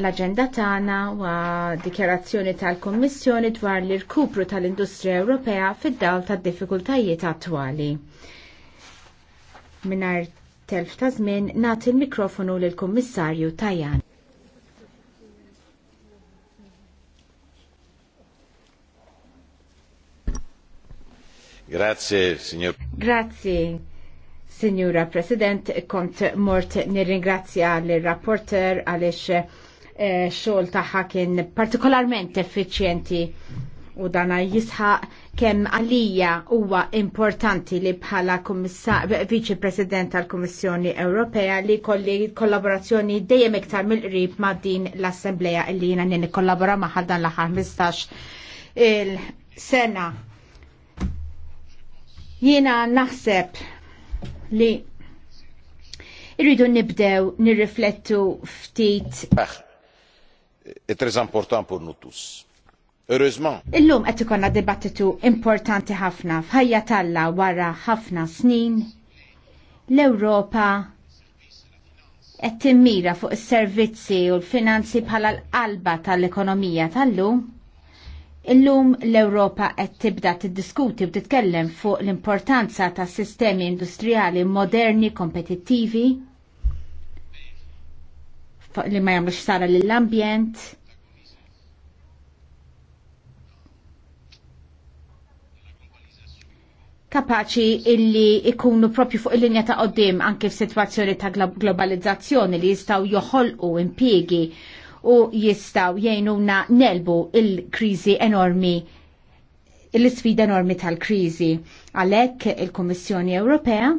l-agenda tagħna u dikjarazzjoni tal-Kommissjoni dwar l-irkupru tal-Industrija Ewropea fid-dawl tad-diffikultajiet attwali. Minar telf ta' żmien nagħti l-mikrofonu lil kummissarju Tajan. Grazie, signor. Grazie, Signora President, kont mort nirringrazzja l-rapporter għalix Eh, xogħol tagħha kien partikolarment effiċjenti u dana jisħaq kemm għalija huwa importanti li bħala viċi president tal-Kummissjoni Ewropea li kolli kollaborazzjoni dejjem iktar mill-qrib ma' din l-Assembleja li jina nini kollabora ma' dan l-aħħar 15 il-sena. Jiena naħseb li irridu nibdew nirriflettu ftit est important Illum qed ikollna dibattitu importanti ħafna f'ħajja talla wara ħafna snin l-Ewropa qed timmira fuq is-servizzi u l-finanzi bħala l-qalba tal-ekonomija tal-lum, illum l-Ewropa qed tibda tiddiskuti u titkellem fuq l-importanza ta' sistemi industrijali moderni kompetittivi li ma jagħmlux sara lill-ambjent. kapaċi illi ikunu propju fuq il-linja ta' qoddim anke f'sitwazzjoni ta' globalizzazzjoni li jistaw joħolqu impiegi u jistaw jgħinuna nelbu il-krizi enormi l-sfida enormi tal-krizi. Għalek il-Kommissjoni Ewropea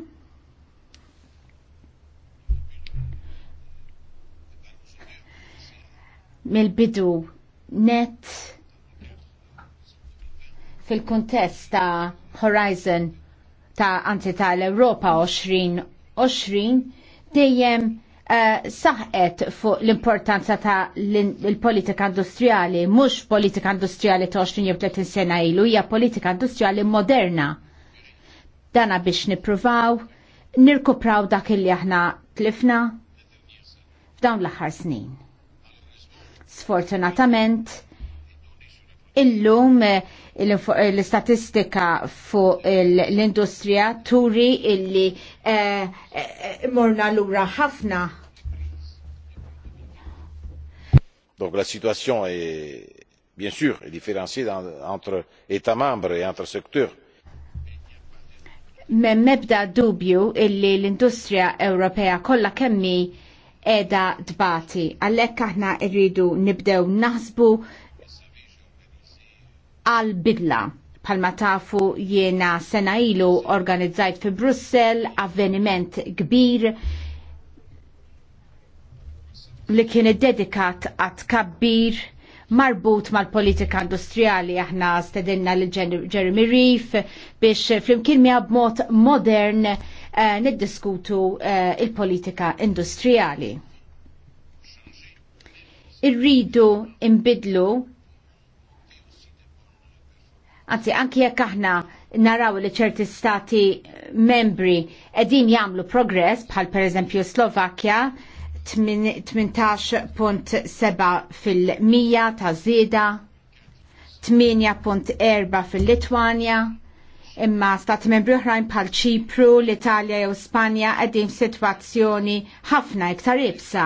mill-bidu net fil-kuntest ta' Horizon ta' anzi l europa 2020 dejjem uh, saħqet fuq l-importanza ta' l-politika industrijali, mhux politika industrijali ta' 20 jew 30 sena ilu, hija politika industrijali moderna. Dana biex nippruvaw, nirkupraw dak li aħna tlifna f'dawn l-aħħar snin. Sfortunatament, illum eh, eh, l-istatistika fuq l-industrija turi illi eh, morna lura ħafna. Donc la situation est bien sûr est différenciée dans, entre États membres et entre secteurs. Mais mebda dubju illi l-industrija Ewropea kollha kemmi edha dbati. Għallek aħna irridu nibdew naħsbu għal-bidla. Palma tafu jiena sena ilu organizzajt fi Brussel avveniment kbir li kien dedikat għat kabbir marbut mal-politika industrijali aħna stedinna l-Jeremy Reef biex flimkien mija b'mod modern Eh, niddiskutu eh, il-politika industrijali. Irridu imbidlu Anzi, anki jekk aħna naraw li ċerti stati membri edin jamlu progress, bħal per eżempju Slovakkja, 18.7 fil-100 ta' zida, 8.4 fil-Litwanja, imma stat membri oħrajn bħal Ċipru, l-Italja jew Spanja qegħdin f'sitwazzjoni ħafna iktar ibsa.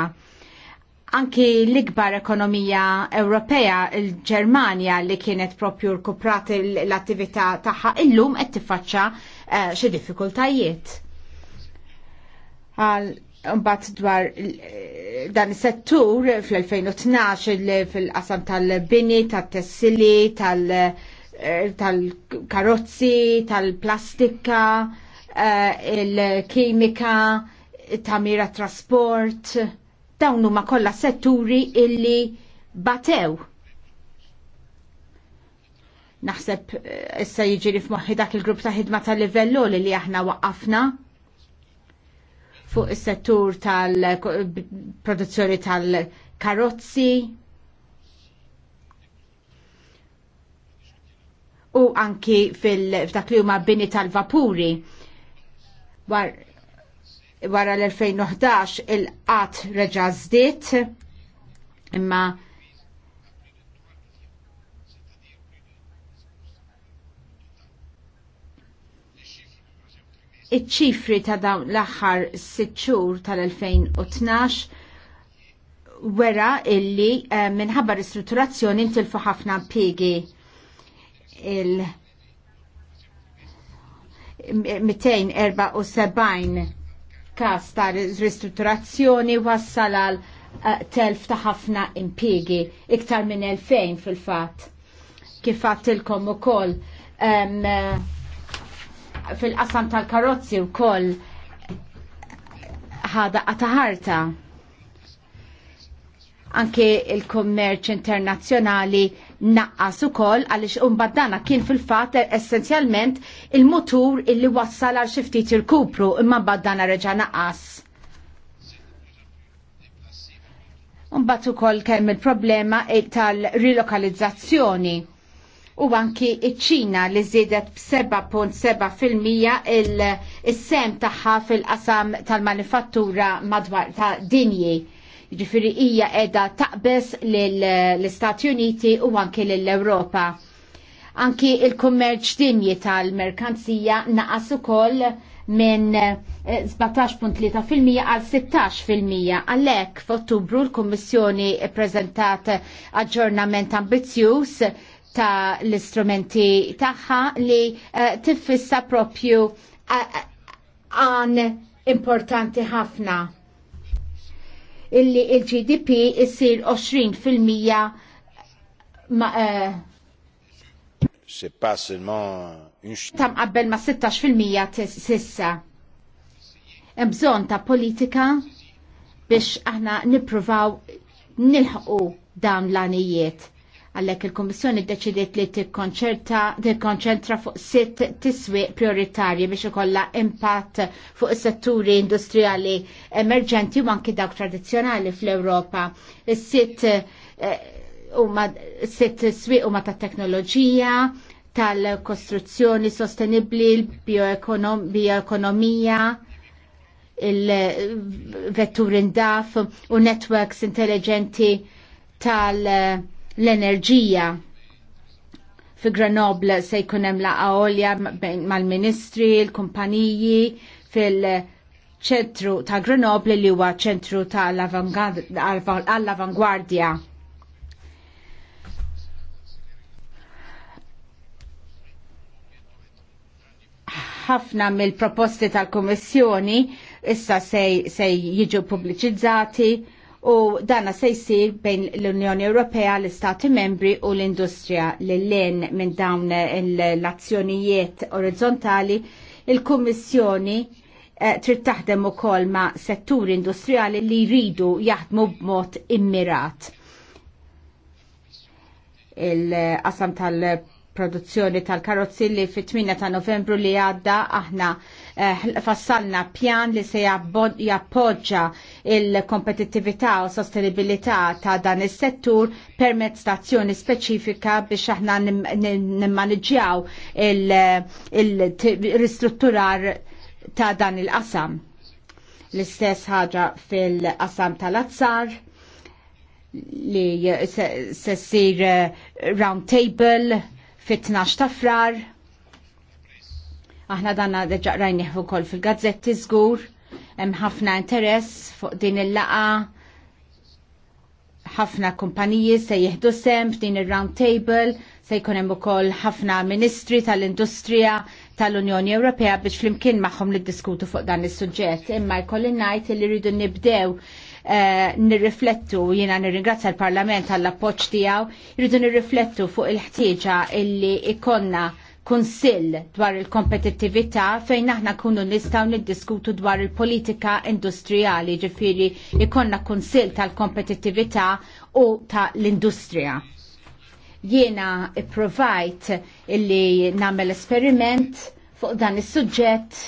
Anki l-ikbar ekonomija Ewropea, il-Ġermanja li kienet propju rkuprat l-attività tagħha illum qed tiffaċċa eh, xi diffikultajiet. Għal dwar dan is-settur fl-2012 fil-qasam tal-bini, tat-tessili, tal-, -tessili, tal Eh, tal-karozzi, tal-plastika, eh, il-kimika, tamira trasport, dawn huma kollha setturi illi batew. Naħseb eh, issa jiġri f'moħħi dak il-grupp ta' ħidma tal livellu li aħna waqqafna fuq is-settur tal-produzzjoni tal-karozzi, u anki fil-dak li huma bini tal-vapuri. Wara l-2011 il-qat reġa' zdit imma iċ-ċifri ta' dawn l-aħħar sitt xhur tal-2012 wera illi eh, minħabba ristrutturazzjoni ntilfu ħafna impjiegi il- 274 kas ta' ristrutturazzjoni wassal għal eh, telf ta' ħafna impiegi, iktar minn 2000 fil-fat. Kif għattilkom u koll um, fil-qasam tal-karozzi u koll ħada għataħarta anke il-kommerċ internazzjonali naqqas ukoll għaliex umbaddana kien fil-fatt essenzjalment il-mutur illi wassal għal xi ftit il-kupru imma baddana reġa' naqqas. Umbat ukoll kemm il-problema tal-rilokalizzazzjoni u anki iċ-ċina li żiedet b-7.7% il-sem tagħha fil-qasam tal-manifattura madwar ta' dinji Ġifiri hija edha taqbes l-Istati Uniti u anki l-Europa. Anki il-kummerċ dinji tal-merkanzija naqas ukoll minn 17.3% eh, għal 16% għalek f'Ottubru l kummissjoni ppreżentat aġġornament ambizzjuż ta' l-istrumenti tagħha li eh, tiffissa propju eh, għan importanti ħafna illi il-GDP jissir 20% ma' uh, c'est pas seulement Tam qabbel ma 16% fil-mija sissa. Mbżon ta' politika biex aħna nipruvaw nilħqu dan l-għanijiet. Għallek il-Kommissjoni deċidiet li tikkonċentra fuq sitt tiswi prioritarji biex ikollha impatt fuq is-setturi industrijali emerġenti u anki dawk tradizzjonali fl-Ewropa. Is-sitt sit eh, sitt u huma tat-teknoloġija, tal-kostruzzjoni sostenibli, l-bioekonomija, il vetturin daf u networks intelligenti tal- l-enerġija fi Grenoble se jkun hemm laqa olja mal-ministri, l-kumpaniji fil-ċentru ta' Grenoble li huwa ċentru ta' l-avangwardja. ħafna mill-proposti tal kummissjoni issa se, jiġu pubbliċizzati u dana se jsir bejn l-Unjoni Ewropea, l-Istati Membri u l-Industrija li l-len minn dawn l-azzjonijiet orizzontali, il-Kummissjoni eh, trid taħdem ukoll ma' setturi industrijali li jridu jaħdmu b'mod immirat. Il-qasam tal- produzzjoni tal-karozzi li fit-8 ta' novembru li għadda aħna eh, fassalna pjan li se jappoġġa il-kompetittività u sostenibilità ta' dan is-settur permezz ta' azzjoni speċifika biex aħna nimmaniġġjaw il-ristrutturar ta' dan il-qasam. L-istess ħaġa fil-qasam tal-azzar li se sir eh, round table fit-12 ta' frar. Aħna danna deġa rajniħu kol fil-gazzetti zgur, hemm ħafna interess fuq din il-laqa, ħafna kumpaniji se jieħdu semp f'din ir-round table, se jkun hemm ukoll ħafna ministri tal-industrija tal-Unjoni Ewropea biex flimkien magħhom diskutu fuq dan is-suġġett. Imma jkolli ngħid li rridu nibdew Eh, nirriflettu, jiena nirringrazzja l-Parlament għall appoġġ tiegħu, irridu nirriflettu fuq il-ħtieġa illi ikonna kunsill dwar il-kompetittività fejn aħna kunu nistgħu niddiskutu dwar il-politika industrijali, ġifieri ikonna kunsill tal-kompetittività u tal-industrija. Jiena ipprovajt illi nagħmel esperiment fuq dan is-suġġett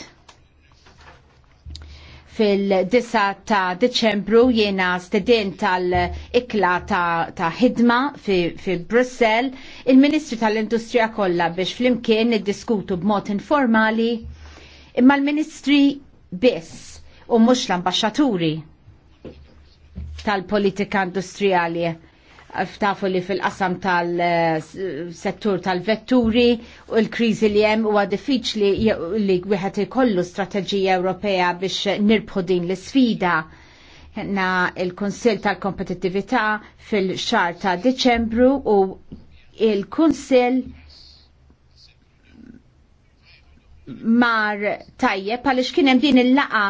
fil-9 ta' Deċembru jiena stedin tal-ikla ta' ħidma fi, fi Brussel il-Ministru tal-Industrija kollha biex flimkien niddiskutu b'mod informali imma l-Ministri biss u mhux l-ambaxxaturi tal-politika industrijali ftafu li fil-qasam tal-settur tal-vetturi u l-krizi li jem u diffiċli li wieħed ikollu strateġija Ewropea biex nirbħu din l-sfida. Na il-Konsil tal-Kompetittività fil-xar ta' Deċembru u il-Konsil mar tajjeb għaliex kien hemm din il-laqa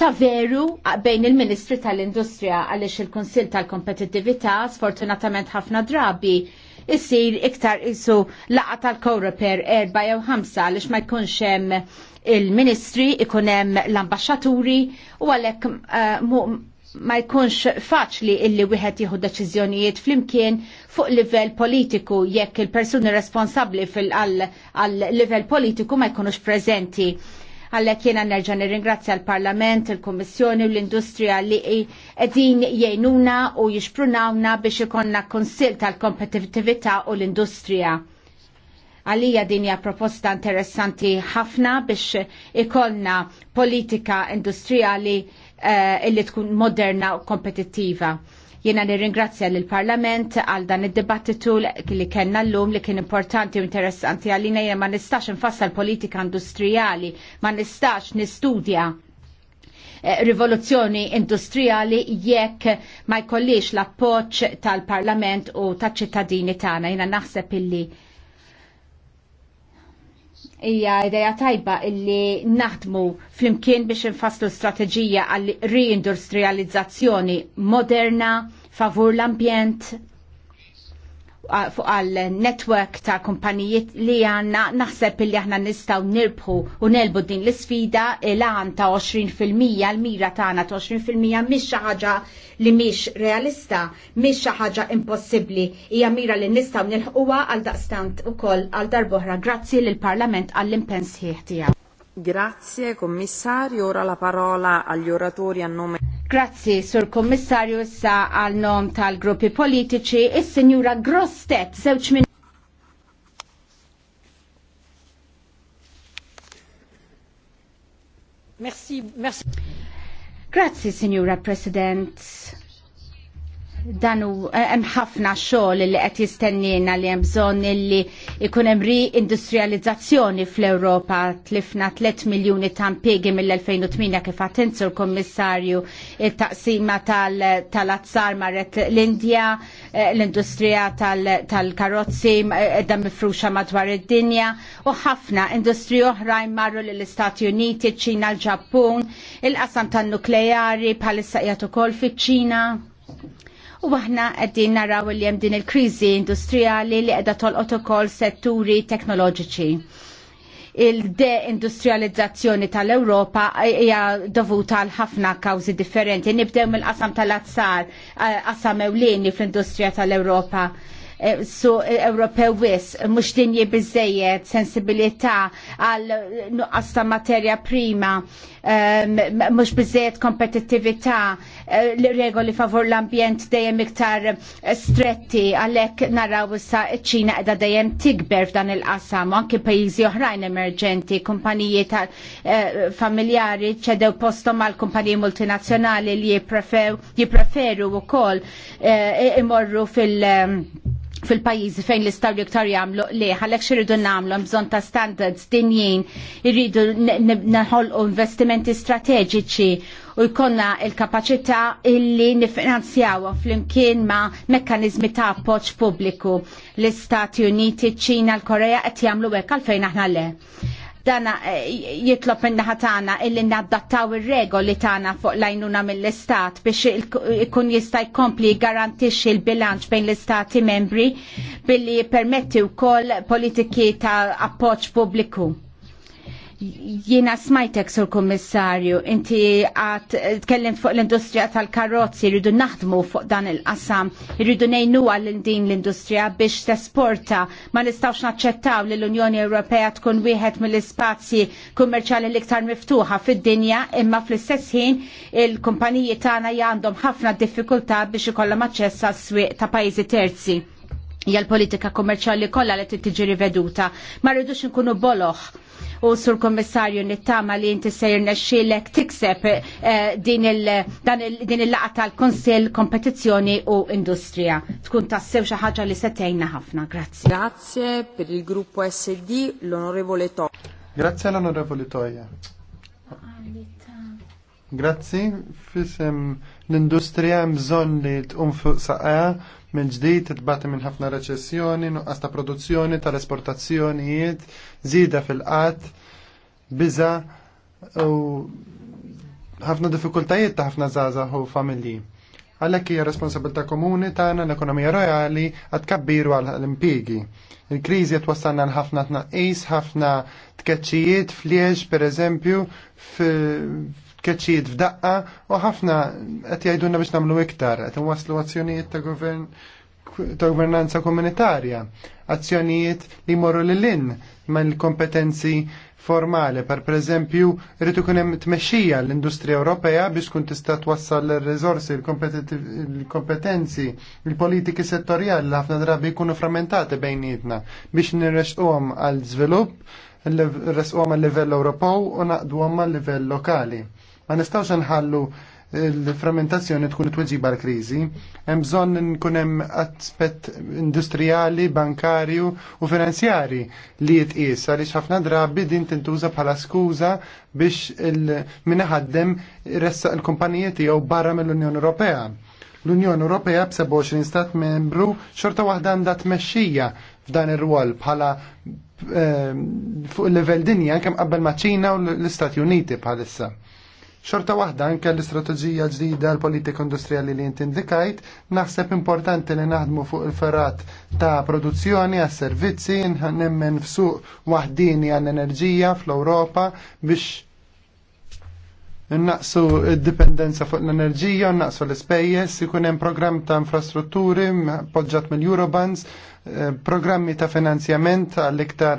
ta' veru bejn il-Ministri tal-Industrija għaliex il-Kunsill tal-Kompetittività sfortunatament ħafna drabi issir iktar isu laqa tal-Koreper erba jew ħamsa għaliex ma jkunx hemm il-Ministri ikun hemm l-Ambaxxaturi u għalhekk eh, ma jkunx faċli illi wieħed jieħu deċiżjonijiet flimkien fuq livell politiku jekk il-persuni responsabbli fil-livell politiku ma jkunux preżenti. Għallek jena nerġa nirringrazzja l-Parlament, il-Kommissjoni u l-Industrija li edin jgħinuna u jixprunawna biex ikonna konsil tal-kompetitività u l-Industrija għalija dinja proposta interessanti ħafna biex ikollna politika industrijali uh, illi tkun moderna u kompetittiva. Jena nirringrazzja lill parlament għal dan id-dibattitu li kellna llum li kien importanti u interessanti għalina jena ma nistax nfassal politika industrijali, ma nistax nistudja eh, rivoluzzjoni industrijali jekk ma jkollix l appoġġ tal-Parlament u taċ ċittadini tagħna. Jiena naħseb illi hija ideja tajba illi naħdmu flimkien biex infasslu strateġija għall reindustrializzazzjoni moderna favur l-ambjent fuq għal network ta' kumpanijiet li għanna naħseb li aħna nistaw nirbħu u nelbu din l-sfida il-għan ta' 20% l-mira ta' għana ta' 20% miex xaħġa li miex realista, miex xaħġa impossibli, hija mira li nistaw nilħuwa għal daqstant u koll għal darbohra. Grazzi l-Parlament għall-impens ħieħ tijaw. Grazie Commissario, ora la parola agli oratori a nome. Grazie Sur Commissario, issa għal nom tal-gruppi politici, e Signora Grostet, zewċ Merci, merci. Grazie Signora Presidente danu eh, hemm ħafna xogħol li qed jistennina li hemm bżonn illi jkun hemm industrializzazzjoni fl-Ewropa tlifna 3 miljuni ta' impjiegi mill-2008 kif attenzu l-Kommissarju il-taqsima tal-azzar marret l-Indja, eh, l-industrija tal-karozzi eh, da mifruxa madwar id-dinja u ħafna industri oħra marru l-Istati Uniti, ċina, l-Ġappun, il-qasam tan-nukleari bħalissa qiegħed ukoll fiċ-Ċina U aħna qegħdin naraw li hemm din il-kriżi industrijali li qiegħda tolqot ukoll setturi teknoloġiċi il-deindustrializzazzjoni tal ewropa hija dovuta għal ħafna kawżi differenti. Nibdew mill-qasam tal azzar eh, qasam ewlieni fl industrija tal ewropa Eh, su eh, Ewropew wis mhux dinji biżejjed sensibilità għal nuqqas ta' materja prima ehm, mhux biżejjed kompetittività eh, regoli favur l-ambjent dejjem iktar stretti għalhekk naraw issa ċ-Ċina qiegħda dejjem tikber f'dan il-qasam anke pajjiżi oħrajn emerġenti, kumpaniji ta' familjari ċedew postom għal kumpaniji multinazzjonali li jipreferu wkoll imorru fil- ehm, fil-pajjiżi fejn l-istaw iktar jagħmlu li għalek xiridu nagħmlu bżonn ta' standards dinjin irridu naħolqu investimenti strateġiċi u jkollna l-kapaċità illi fl flimkien ma' mekkaniżmi ta' appoġġ pubbliku l-Istati Uniti, ċina l-Korea qed jagħmlu hekk għalfejn aħna le. Dana eh, jitlob minna tagħna illi naddattaw ir-regoli tagħna fuq lajnuna mill-istat biex ikun jista' jkompli garantix l-bilanċ bejn l-istati membri billi permetti wkoll politiki ta' appoġġ pubbliku Jiena smajtek sur kommissarju, inti għat tkellim fuq l-industrija tal-karozzi, rridu naħdmu fuq dan il-qasam, rridu nejnu għal din l-industrija biex tesporta, ma nistawx naċċettaw li l-Unjoni Ewropea tkun wieħed mill-ispazji kummerċali l-iktar miftuħa fid-dinja, imma fl-istess ħin il-kumpaniji tagħna għandhom ħafna diffikultà biex ikollhom aċċess għas-swieq ta' pajjiżi terzi hija l-politika kummerċjali kollha li tiġi riveduta. Ma rridux inkunu boloħ u sur kommissarju nittama li inti sejr nexxilek tikseb eh, din il-laqa tal-Konsil Kompetizjoni u Industrija. Tkun tassew xi ħaġa li setejna ħafna. Grazie. Grazie per il gruppo SD l'onorevole Toia. Grazie all'onorevole Toia. Grazie, fisem l-industrija mżon li t fuq saqqa minn ġdid titbati minn ħafna reċessjoni, nuqqas ta' produzzjoni, tal-esportazzjonijiet, zida fil-qat, biża u ħafna diffikultajiet ta' ħafna żgħażagħ u familji. Għalhekk hija responsabilità komuni tagħna l-ekonomija rojali għad kabbiru għal impjiegi. Il-kriżi qed wassalna l-ħafna tnaqqis, ħafna tkeċċijiet fliex pereżempju keċijiet f'daqqa u ħafna qed jgħidulna biex nagħmlu iktar, qed inwasslu azzjonijiet ta' govern ta' governanza komunitarja, azzjonijiet li morru lil lin mal kompetenzi formali, per preżempju rrid ikun hemm tmexxija l-industrija Ewropea biex tkun tista' twassal l resorsi l-kompetenzi, il-politiki settorjali li ħafna drabi jkunu frammentati bejnietna biex nirrexquhom għal żvilupp resqom għal livell Ewropew u naqduhom għal livell lokali. Ma nistgħux nħallu l-frammentazzjoni tkun it l-kriżi. Hemm bżonn nkun hemm aspett industrijali, bankarju u finanzjari li jitqies għaliex ħafna drabi din tintuża bħala skuża biex min ħaddem ressaq il-kumpaniji tiegħu barra mill-Unjoni Ewropea. L-Unjoni Ewropea b'27 stat membru xorta waħda għandha tmexxija f'dan ir-rwol bħala eh, fuq il-level dinja kemm qabel maċ-Ċina u l-Istati Uniti bħalissa. Xorta waħda anke l-istrateġija ġdida l-politika industrijali li jinti indikajt, naħseb importanti li naħdmu fuq il-ferrat ta' produzzjoni għas servizzi nemmen f'suq waħdini għall enerġija fl-Ewropa biex naqsu d-dipendenza fuq l-enerġija, naqsu l-spejjes, ikun hemm programm ta' infrastrutturi poġġat mill-Eurobonds, eh, programmi ta' finanzjament għall-iktar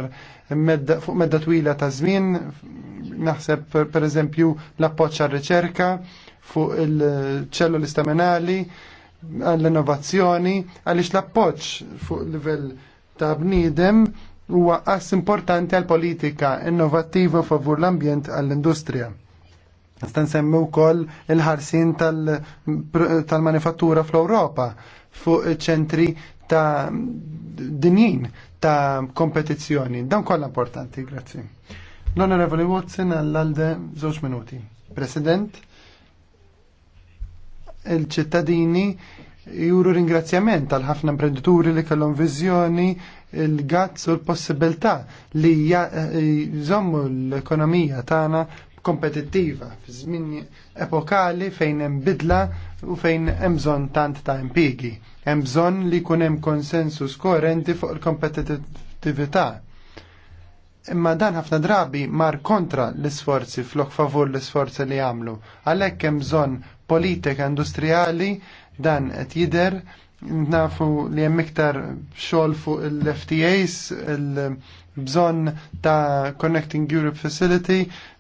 fuq medda twila ta' żmien naħseb per eżempju l-appoċċa r-riċerka fuq il-ċelluli staminali għall-innovazzjoni għaliex l-appoċ fuq livell ta' bniedem huwa qass importanti għal politika innovattiva favur l-ambjent għall-industrija. Nista' nsemmi wkoll il-ħarsin tal-manifattura fl-Ewropa fuq ċentri ta' dinjin ta' kompetizzjoni. Dan kollha importanti, grazzi. L-Onorevoli Watson għall-għalde żewġ minuti. President, il-ċittadini juru ringrazzjament għal ħafna imprenditori li kellhom viżjoni il-gazz u l-possibilità li eh, jżommu l-ekonomija tagħna kompetittiva f'żmien epokali fejn hemm bidla u fejn hemm bżonn tant ta' impigi. Hemm bżonn li jkun hemm konsensus koerenti fuq il-kompetittività Imma dan ħafna drabi mar kontra l-isforzi flok favur l-isforzi li għamlu. Għalhekk hemm bżonn politika industrijali dan qed jidher nafu li hemm iktar xogħol fuq l-FTAs, l bżonn ta' Connecting Europe Facility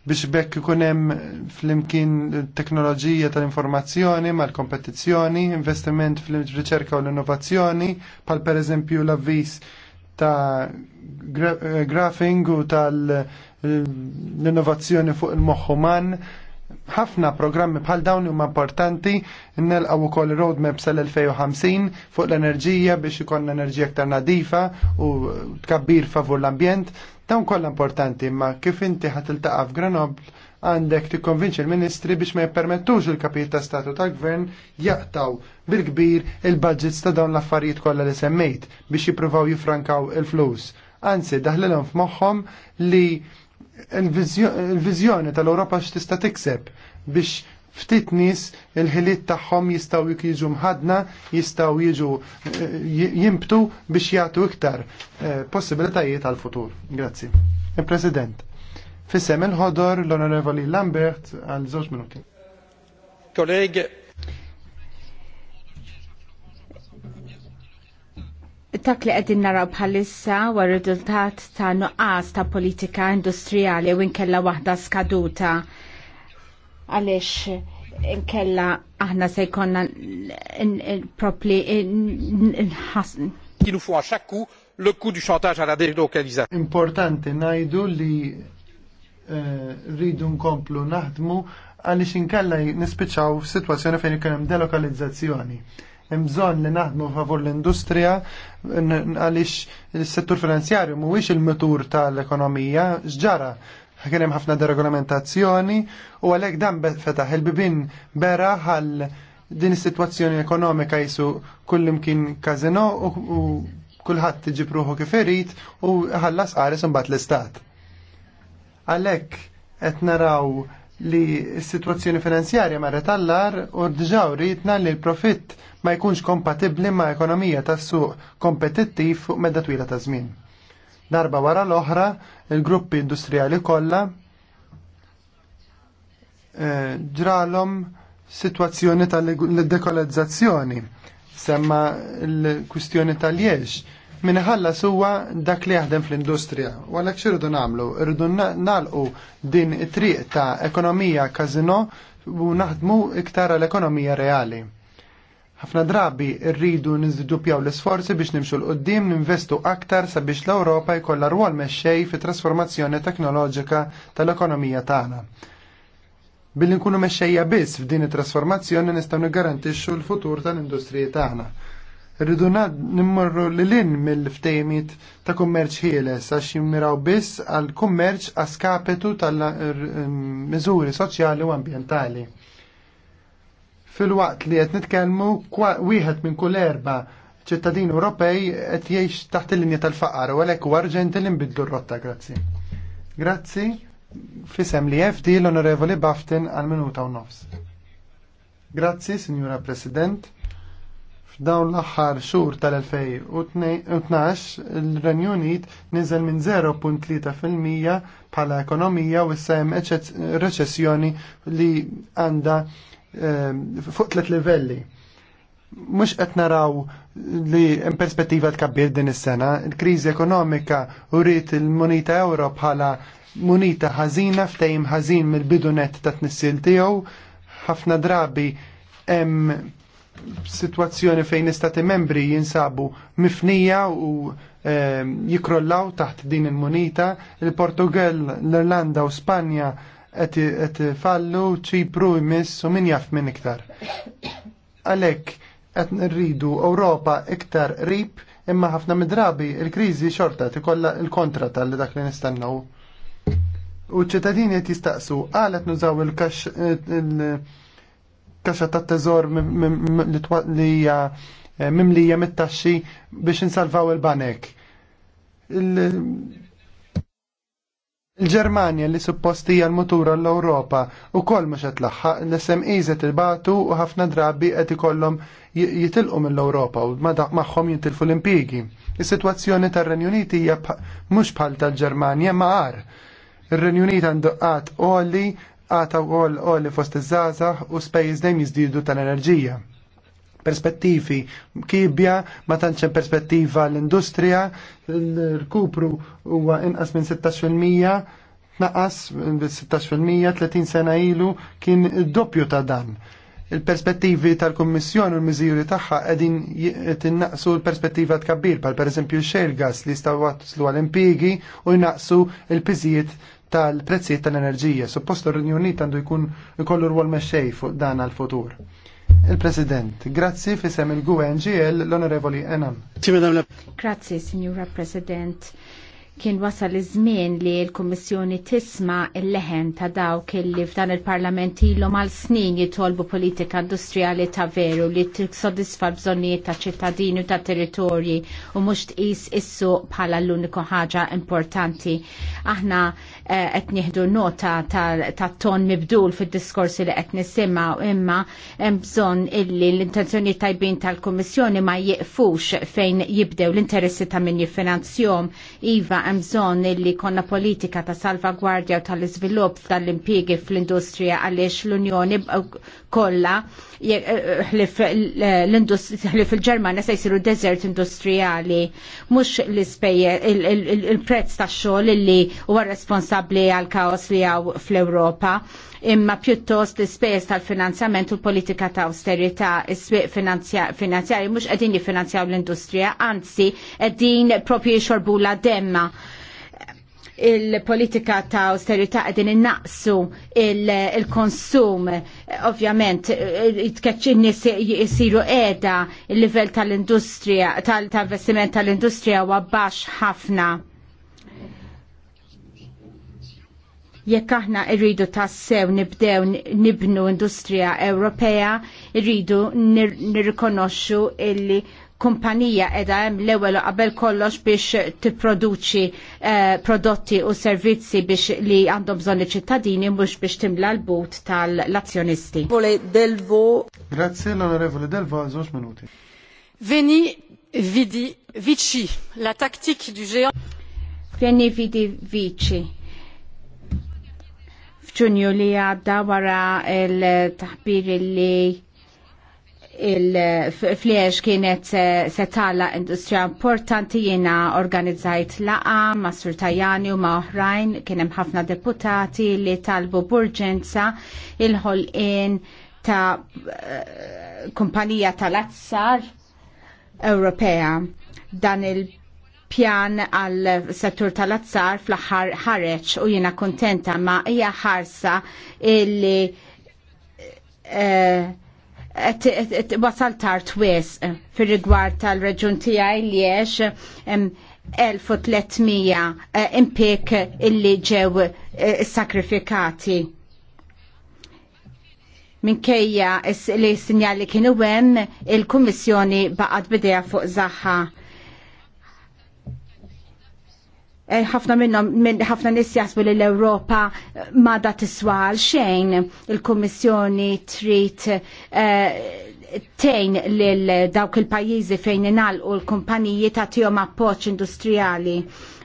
biex bekk ikun hemm flimkien teknoloġija tal-informazzjoni mal-kompetizzjoni, investiment fil-riċerka u l-innovazzjoni, pal pereżempju l avvis ta' grafing u tal-innovazzjoni eh, fuq il-moħħuman. Ħafna programmi bħal dawn huma importanti nnelqaw ukoll roadmap sal-2050 fuq l-enerġija biex ikun enerġija aktar nadifa u tkabbir favur l-ambjent. Dawn kollha importanti, ma kif inti ħatiltaqa' f'Grenoble għandek konvinċi l-ministri biex ma jippermettux il-kapit ta' statu tal-gvern jaqtaw bil-kbir il-budgets ta' dawn l-affarijiet kollha li semmejt biex jippruvaw jifrankaw il-flus. Anzi, daħlilhom f'moħħom li il-vizjoni tal-Ewropa x'tista' tikseb biex ftit nies il-ħiliet tagħhom jistgħu jiġu mħadna, jistgħu jiġu eh, jimbtu biex jagħtu iktar eh, possibilitajiet għal-futur. Grazzi. Il-President. Eh, Fissem il-ħodor l-Onorevoli Lambert għal żewġ minuti. Kolleg. Dak li għedin naraw bħalissa war rizultat ta' nuqqas ta' politika industrijali u nkella wahda skaduta Għalix nkella aħna se jkonna propli nħasn. Kienu fuqa xakku l-ku du chantage għala delokalizzazzjoni. Importanti najdu li Eh, rridu nkomplu naħdmu għaliex inkella nispiċċaw f'sitwazzjoni fejn ikun hemm delokalizzazzjoni. Mżon li naħdmu favur l-industrija għaliex is-settur finanzjarju mhuwiex il-mutur tal-ekonomija x'ġara kien hemm ħafna deregolamentazzjoni u għalhekk dan fetaħ il-bibin bera għal din is-sitwazzjoni ekonomika jisu kullimkien kazino u kulħadd tiġi pruħu kif irid u ħallas qares imbagħad l-istat Għalhekk qed naraw li s-situazzjoni finanzjarja marra tal-lar u rġaw li l-profitt ma jkunx kompatibli ma' ekonomija tas suq kompetittiv fuq medda twila ta' żmien. Darba wara l-oħra, il-gruppi industrijali kollha eh, ġralhom situazzjoni tal-dekolizzazzjoni. Semma l-kwistjoni tal jiex Min ħallas dak li jaħdem fl-industrija. U għalhekk x'irridu nagħmlu? Irridu nagħlqu din it-triq ta' ekonomija kazino u naħdmu iktar l-ekonomija reali ħafna drabi rridu nizdupjaw l-isforzi biex nimxu l-qoddim ninvestu aktar sabiex l-Ewropa jkollha rwol mexxej fi trasformazzjoni teknoloġika tal-ekonomija tagħna. Billi nkunu mexxejja biss f'din it-trasformazzjoni nistgħu niggarantixxu l-futur tal-industriji tagħna. Rridu nimmorru l lin mill-ftejmit ta' kummerċ ħieles għax jimmiraw biss għal kummerċ għaskapetu tal-mizuri soċjali u ambientali. Fil-waqt li qed nitkellmu wieħed minn kull erba' ċittadin Ewropej qed jgħix taħt il-linja tal-faqar u għalhekk huwa arġenti li nbidlu r-rotta, grazzi. Grazzi, fisem li FD l-Onorevoli Baftin għal minuta u nofs. Grazzi, Signora President. F'dawn l-aħħar xhur tal-2012 il-Renju Unit niżel minn 0.3% bħala ekonomija u sem reċessjoni li għandha ehm, fuq tliet livelli. Mhux qed naraw li hemm perspettiva tkabbir din is-sena, il-kriżi ekonomika u rrit il-Munita Ewro bħala munita ħażina ftejm ħażin mill-bidu net ta' tnissil tiegħu, ħafna drabi hemm situazzjoni fejn istati membri jinsabu mifnija u ehm, jikrollaw taħt din il-munita, il-Portugal, l-Irlanda u Spanja qed fallu ċipru jmiss u min jaf minn iktar. Għalhekk qed nirridu Ewropa iktar rib imma ħafna midrabi il-kriżi xorta tikolla il-kontra tal dak li nistennew. U ċittadini qed jistaqsu għalet nużaw il-kax il kaxa ta' teżor li hija eh, mimlija mit-taxxi biex insalvaw il-banek. il germania li suppostija l-motura l-Europa u koll mux qed laħħaq l sm qed il-batu u ħafna drabi qed ikollhom jitilqu mill-Europa u magħhom jintilfu l impigi Is-sitwazzjoni tar-Renju Uniti hija mhux bħal tal-Ġermanja ma' għar. Ir-Renju Unit għandu qatt oli għata għol li fost iż-żaza u spejjiż dejjem jiżdiedu tal-enerġija. Perspettivi kibja, ma tantx perspettiva l-industrija, l-kupru huwa inqas minn 16%, tnaqqas 16%, 30 sena ilu kien doppju ta' dan il-perspettivi tal kommissjon u l-miżjuri tagħha qegħdin tinnaqsu l-perspettiva tkabbir, pal pereżempju xejl gas li jistgħu waslu għal impigi u jnaqsu l-piżijiet tal-prezzijiet tal-enerġija. Suppost l-Unjoni għandu jkun ikollu rwol mexxej fuq dan għal-futur. Il-President, grazzi fisem il-GUNGL l-Onorevoli Enam. Grazzi, Signora President kien wasal iż-żmien li l-Kummissjoni tisma' il-leħen ta' dawk illi f'dan il-Parlament ilhom għal snin jitolbu politika industrijali ta' veru li tissodisfa bżonnijiet ta' ċittadini u ta' territorji u mhux tqis issu bħala l-uniku ħaġa importanti. Aħna eh, qed nieħdu nota ta' ton mibdul fid-diskorsi li qed nisimgħu imma hemm bżonn illi l-intenzjoni tajbin tal-Kummissjoni ma jiqfux fejn jibdew l-interessi ta' min jiffinanzjom iva hemm bżonn illi konna politika ta' salvagwardja u tal-iżvilupp tal-impjiegi fl-industrija għaliex l-Unjoni kollha eh, eh, ħlif fil ġermanja se jsiru desert industrijali mhux l il-prezz tax-xogħol illi huwa responsabbli għal kaos li għaw fl-Ewropa imma pjuttost l-ispejjeż tal-finanzjament u l-politika ta' austerità is-swieq finanzjarji mhux qegħdin jiffinanzjaw l-industrija, anzi qegħdin propju xorbu la demma il-politika ta' austerità qegħdin innaqsu il-konsum. Ovvjament, jitkeċċin jisiru qiegħda il-livell tal-industrija, tal-investiment tal-industrija huwa baxx ħafna. jekk aħna irridu tassew nibdew nibnu industrija Ewropea, irridu nirrikonoxxu illi kumpanija edha hemm l-ewwel qabel kollox biex tipproduċi eh, prodotti u servizzi biex li għandhom bżonn iċ-ċittadini mhux biex timla l-but tal-azzjonisti. Delvo. Grazie l-Onorevole Delvo għal żewġ minuti. Veni vidi vici la taktik du géant. Veni vidi vici f'Ġunju li għadda wara il taħbir li il-fliex kienet eh, se tala industrija importanti jiena organizzajt laqa ma' Sur Tajani u ma' oħrajn kien hemm ħafna deputati li talbu burġenza il-ħolqien ta' eh, kumpanija tal-azzar Ewropea. Dan il-pjan għal settur tal-azzar fl-aħħar ħareġ u jiena kontenta ma' hija ħarsa illi uh, wasal tard wis eh, fir rigward tal-reġun tiegħi li għex 1300 eh, impik illi ġew eh, sakrifikati. Minkejja li s-sinjali kienu wem il-Kummissjoni baqgħet bidejha fuq zaħħa Eh, ħafna minnhom ħafna nies jaħsbu li l-Ewropa eh, ma tiswa għal xejn il-Kummissjoni trid eh, tejn lil dawk il-pajjiżi fejn inalqu l-kumpaniji tagħtihom appoġġ industrijali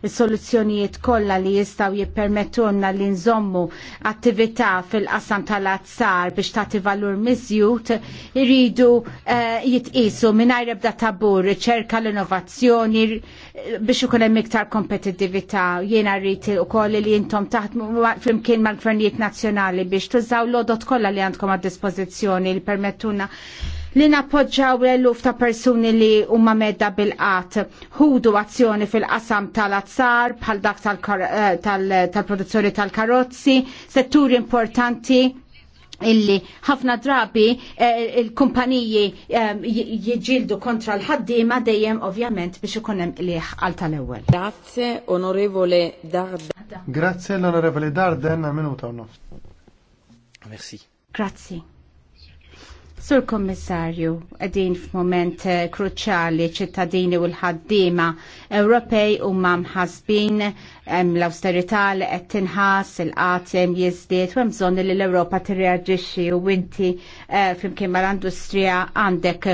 is-soluzzjonijiet kollha li jistgħu jippermettuna li nżommu attività fil-qasam tal-azzar biex tagħti valur miżjud iridu eh, jitqisu mingħajr ebda tabur, riċerka l-innovazzjoni biex ikun hemm iktar kompetittività. Jiena rrid ukoll li intom taħdmu flimkien mal-gvernijiet nazzjonali biex tużaw l-odot kollha li għandkom għad-dispożizzjoni li permettuna li nappoġġaw l-eluf ta' persuni li huma medda bil-qat ħudu azzjoni fil-qasam tal-azzar bħal dak eh, tal-produzzjoni tal-karozzi, setturi importanti illi ħafna drabi eh, il-kumpaniji eh, jiġildu kontra l-ħaddima dejjem ovvjament biex ikun hemm liħ għal tal-ewwel. Grazie, onorevole Darden. Grazie l-onorevole Darden, minuta u nof. Merci. Grazie. Sur Kommissarju, għedin f'moment eh, kruċali ċittadini u l-ħaddima Ewropej u mamħasbin l-austerità li qed tinħas, il-qatem jiżdied u hemm bżonn li l-Ewropa tirreaġixxi u inti eh, flimkien mal-industrija għandek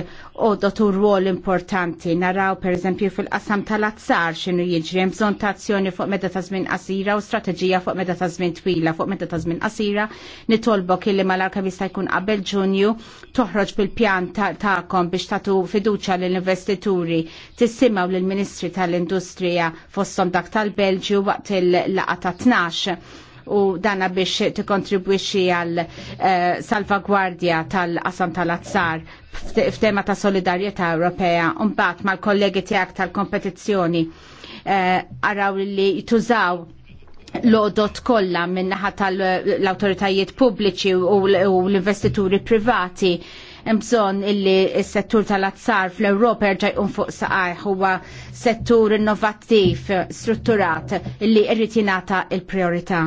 għodot u rwol importanti. Naraw pereżempju fil-qasam tal-azzar x'inhu jiġri hemm bżonn ta' azzjoni fuq meta ta' żmien qasira u strateġija fuq meta ta' żmien twila, fuq meta ta' żmien qasira nitolbok illi mal-arka jista' jkun qabel Ġunju toħroġ bil-pjan tagħkom biex tagħtu fiduċja lill investituri tissimgħu lill-Ministri tal-Industrija fosthom dak tal-Belġju waqt il-laqa ta' 12 u dana biex tikontribwixxi għal eh, salvagwardja tal-qasam tal-azzar f'tema ta' solidarjetà Ewropea u mbagħad mal-kollegi tiegħek tal-kompetizzjoni eh, araw li jtużaw l-odot kollha min-naħa tal-awtoritajiet pubbliċi u l-investituri privati Mbżon illi s-settur tal-azzar fl-Europa jerġa' jqum fuq saqaj huwa settur innovattiv, strutturat illi irritinata jingħata il-priorità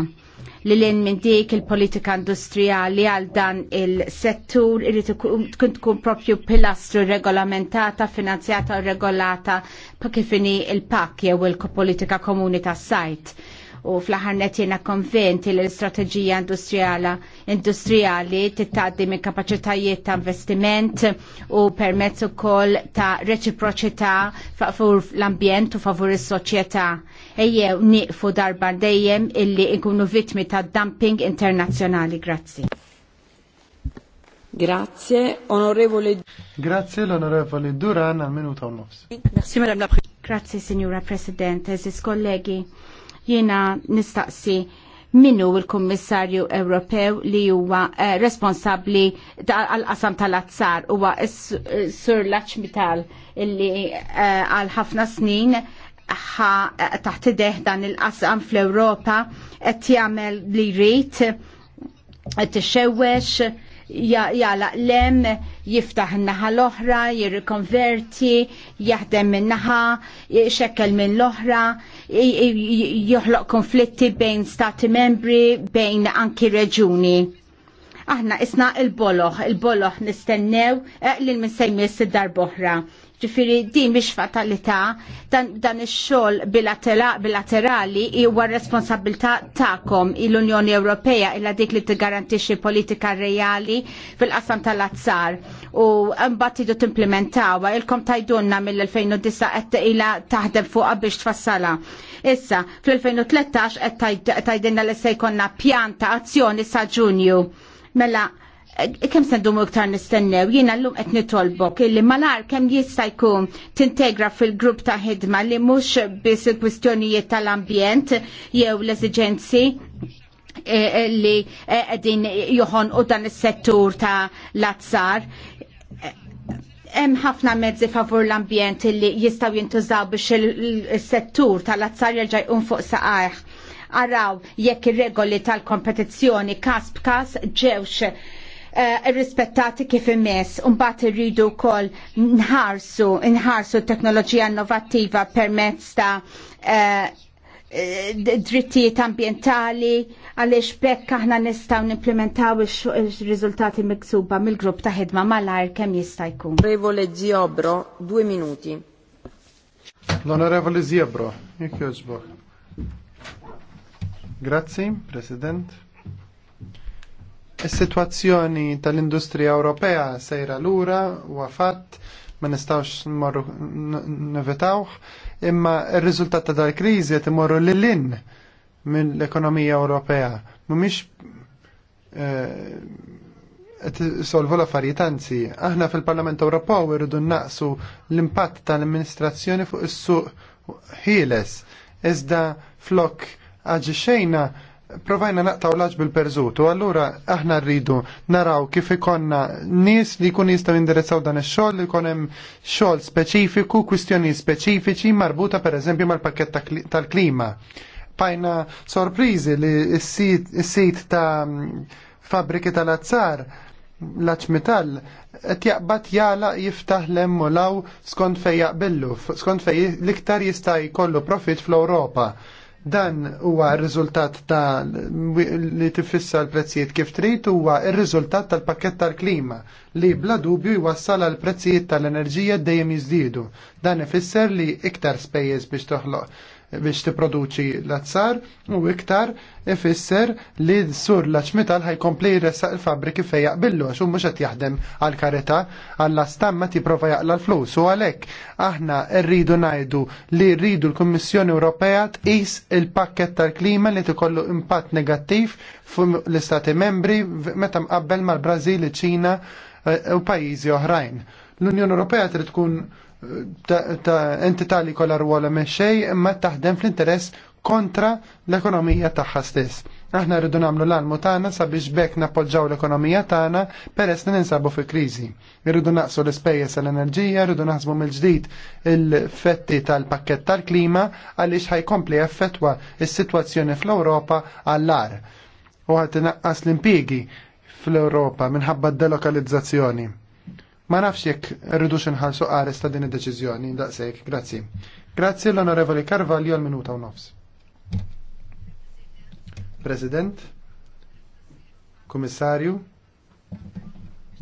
li l minn dik il-politika industrijali għal dan il-settur irrit tkun tkun propju pilastru regolamentata, finanzjata u regolata pa' kifini il-pak jew il-politika komuni tas-sajt u fl aħħar jena konventi li l-strategija industrijali tittaddi minn kapacitajiet ta' investiment u permezz ukoll ta' reċiproċità favur l-ambjent u favur is-soċjetà. Ejjew nieqfu darba dejjem illi ikunu vittmi ta' dumping internazzjonali. Grazzi. Grazie, onorevole. Grazie l'onorevole Duran al minuto e nofs. Grazie, signora Presidente, esis kollegi Jiena nistaqsi minnu il-Kommissarju Ewropew li huwa eh, responsabbli għal-qasam tal-azzar huwa s-sur Laċmital illi eh, għal ħafna snin eh, taħt deħ dan il-qasam fl-Ewropa qed jagħmel li jrid qed tixewwex jala lem jiftaħ naħa l-oħra, jirrikonverti, jaħdem minn naħa, xekkel minn l-oħra, joħloq konflitti bejn stati membri, bejn anki reġuni. Aħna isna il-boloħ, il-boloħ nistennew eh, li l-minn sejmis id-darboħra. Ġifiri, din biex fatalità, dan, dan ix-xogħol bilaterali huwa responsabilità tagħkom l-Unjoni Ewropea illa dik li t-garantixi politika reali fil-qasam tal-azzar u mbagħad tidu timplementawha ilkom tajdunna mill-2009 qed ila taħdem fuqha biex tfassalha. Issa, fl-2013 qed tajdinna li se jkollna pjan ta' azzjoni sa' Ġunju. Mela, kem sendum iktar nistennew, jiena l-lum qed nitolbok illi malar kem jista' jkun tintegra fil-grupp ta' ħidma li mhux biss il-kwistjonijiet tal-ambjent jew l-eżiġenzi e, e, li e, qegħdin joħon u dan is-settur ta' l-azzar hemm ħafna mezzi favur l-ambjent li jistgħu jintużaw biex il-settur tal-azzar jerġa' jkun fuq saqajh. Araw jekk ir-regoli tal-kompetizzjoni kas b'kas ġewx Eh, irrispettati kif imess, bat irridu kol nħarsu, nħarsu teknoloġija innovativa permezz ta' eh, eh, drittijiet ambientali, għaliex bekk aħna nistaw nimplementaw il-rizultati miksuba mill-grupp ta' ħidma mal-għar kem jista' jkun. Onorevole Ziobro, due minuti. l Ziobro, jek Grazie, Grazzi, President. Is-sitwazzjoni tal-industrija Ewropea sejra lura u għafat ma nistawx nmorru nevitawh, imma r rizultat ta' dal-kriżi qed imorru lil-in mill-ekonomija Ewropea. Mumiex għet eh, solvu la affarijiet anzi, aħna fil-Parlament Ewropew irridu naqsu l-impatt tal-amministrazzjoni fuq is-suq ħieles. Iżda flok aġi xejna provajna naqtaw laġ bil-perżut u allura aħna rridu naraw kif ikonna nies li kun jistgħu indirizzaw dan ix-xogħol li kunem hemm xogħol speċifiku, kwistjoni speċifiċi marbuta pereżempju mal-pakket tal-klima. Pajna sorpriżi li s-sit ta' fabriki tal-azzar l metall, qed jaqbad jala jiftaħ lemmu law skont fejn jaqbillu, skont fejn l-iktar jista' jkollu profit fl-Ewropa. Dan huwa r-riżultat ta' li tifissa l-prezzijiet kif trid huwa r-riżultat tal-pakket tal-klima li bla dubju jwassal għal prezzijiet tal-enerġija dejjem jiżdiedu. Dan ifisser li iktar spejjeż biex toħloq biex tipproduċi l-azzar u iktar ifisser li sur l-aċmital ħajkompli jressa il-fabriki fejja jaqbillu u mhux qed jaħdem għal kareta għalla stamma tipprova jaqla l-flus u għalhekk aħna rridu ngħidu li rridu l-Kummissjoni Ewropea tqis il-pakket tal-klima li tikollu impatt negattiv fuq l-Istati membri meta mqabbel mal-Brażil, ċina eh, u pajjiżi oħrajn. L-Unjoni Ewropea trid tkun ta' entità li kolla rwola mexxej imma taħdem fl-interess kontra l-ekonomija tagħha stess. Aħna rridu nagħmlu l-almu tagħna sabiex bekk nappoġġaw l-ekonomija tagħna peress li ninsabu fi kriżi. Irridu naqsu l-ispejjeż tal-enerġija, rridu naħsbu mill-ġdid il-fetti tal-pakkett tal-klima għaliex ħajkompli effettwa s-sitwazzjoni fl-Ewropa għall-ar. U ħadd inaqqas l-impjiegi fl-Ewropa minħabba d-delokalizzazzjoni. Ma nafx jekk rridu xinħalsu għares ta' din id-deċiżjoni daqsejk, Grazzi. Grazzi l-Onorevoli Carvalho għal minuta u nofs. President, Kummissarju,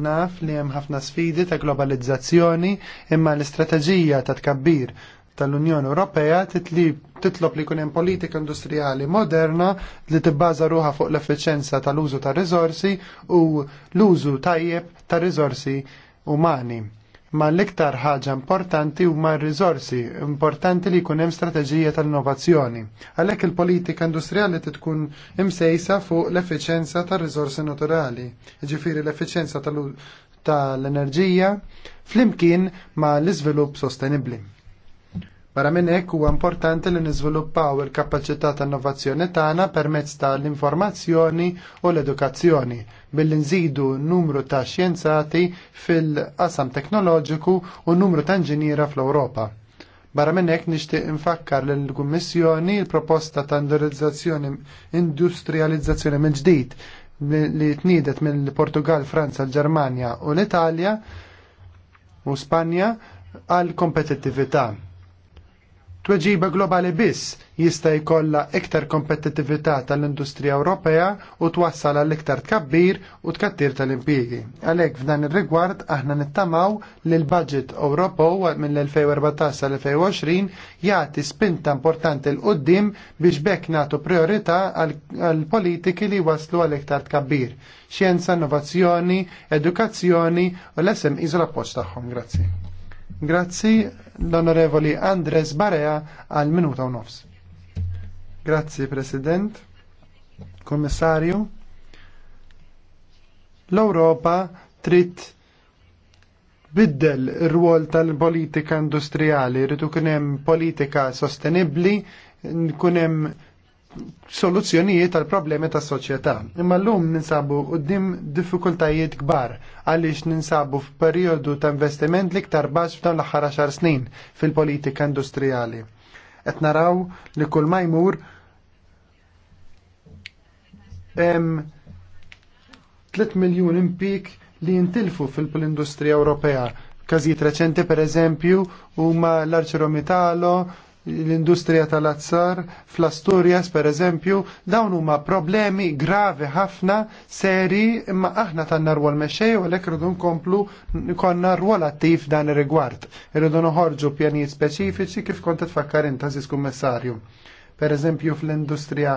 naf li hemm ħafna sfidi ta' globalizzazzjoni imma l-istrateġija ta' tkabbir tal-Unjoni Ewropea titlob li jkun hemm politika industrijali moderna li tibbaża ruħa fuq l-effiċenza tal-użu ta' riżorsi u l-użu tajjeb ta' riżorsi umani. Ma l-iktar ħaġa importanti huma r-riżorsi, importanti li jkun hemm strateġija tal-innovazzjoni. Għalhekk il-politika industrijali tkun imsejsa fuq l-effiċenza tar-riżorsi naturali, jiġifieri l-effiċenza tal-enerġija flimkien ma l-iżvilupp sostenibbli. Barra minn hekk huwa importanti li niżviluppaw il-kapaċità ta' innovazzjoni tagħna permezz tal-informazzjoni u l-edukazzjoni billi nżidu n-numru ta' xjenzati fil-qasam teknoloġiku u n-numru ta' inġiniera fl-Ewropa. Barra minn hekk nixtieq infakkar lill kummissjoni l-proposta ta' industrializzazzjoni mill-ġdid li tniedet mill-Portugal, Franza, l-Ġermanja u l-Italja u Spanja għal kompetittività Tweġiba globali biss jista' jkollha iktar kompetittività tal-industrija Ewropea u twassal għal iktar tkabbir u tkattir tal-impjiegi. Għalhekk f'dan ir-rigward aħna nittamaw li l-budget Ewropew mill-2014 sal-2020 jagħti spinta importanti l qudiem biex bekk nagħtu priorità għal politiki li waslu għal iktar tkabbir. Xjenza, innovazzjoni, edukazzjoni u l-SM iżla appoġġ tagħhom. Grazzi. Grazzi l-Onorevoli Andres Barea għal minuta u nofs. Grazzi, President, Kommissarju. L-Europa trid biddel ir-rwol tal-politika industrijali, rridu kunem politika sostenibli, kunem hemm soluzzjonijiet għal problemi tas soċjetà. Imma llum ninsabu qudiem diffikultajiet kbar għaliex ninsabu f'perjodu ta' investiment l-iktar baxx f'dawn l-aħħar xar snin fil-politika industrijali. Qed naraw li kull ma jmur hemm 3 miljun impik li jintilfu fil-industrija Ewropea. Każijiet reċenti pereżempju huma l-Arċeromitalo, l-industrija tal-azzar fl-Asturjas per eżempju, dawn huma problemi gravi ħafna seri imma aħna tanna rwol mexej u għalhekk rridu nkomplu konna rwol attiv dan ir-rigward. Rridu noħorġu pjanijiet speċifiċi kif konta tfakkar inta zis kummissarju. Per eżempju fl-industrija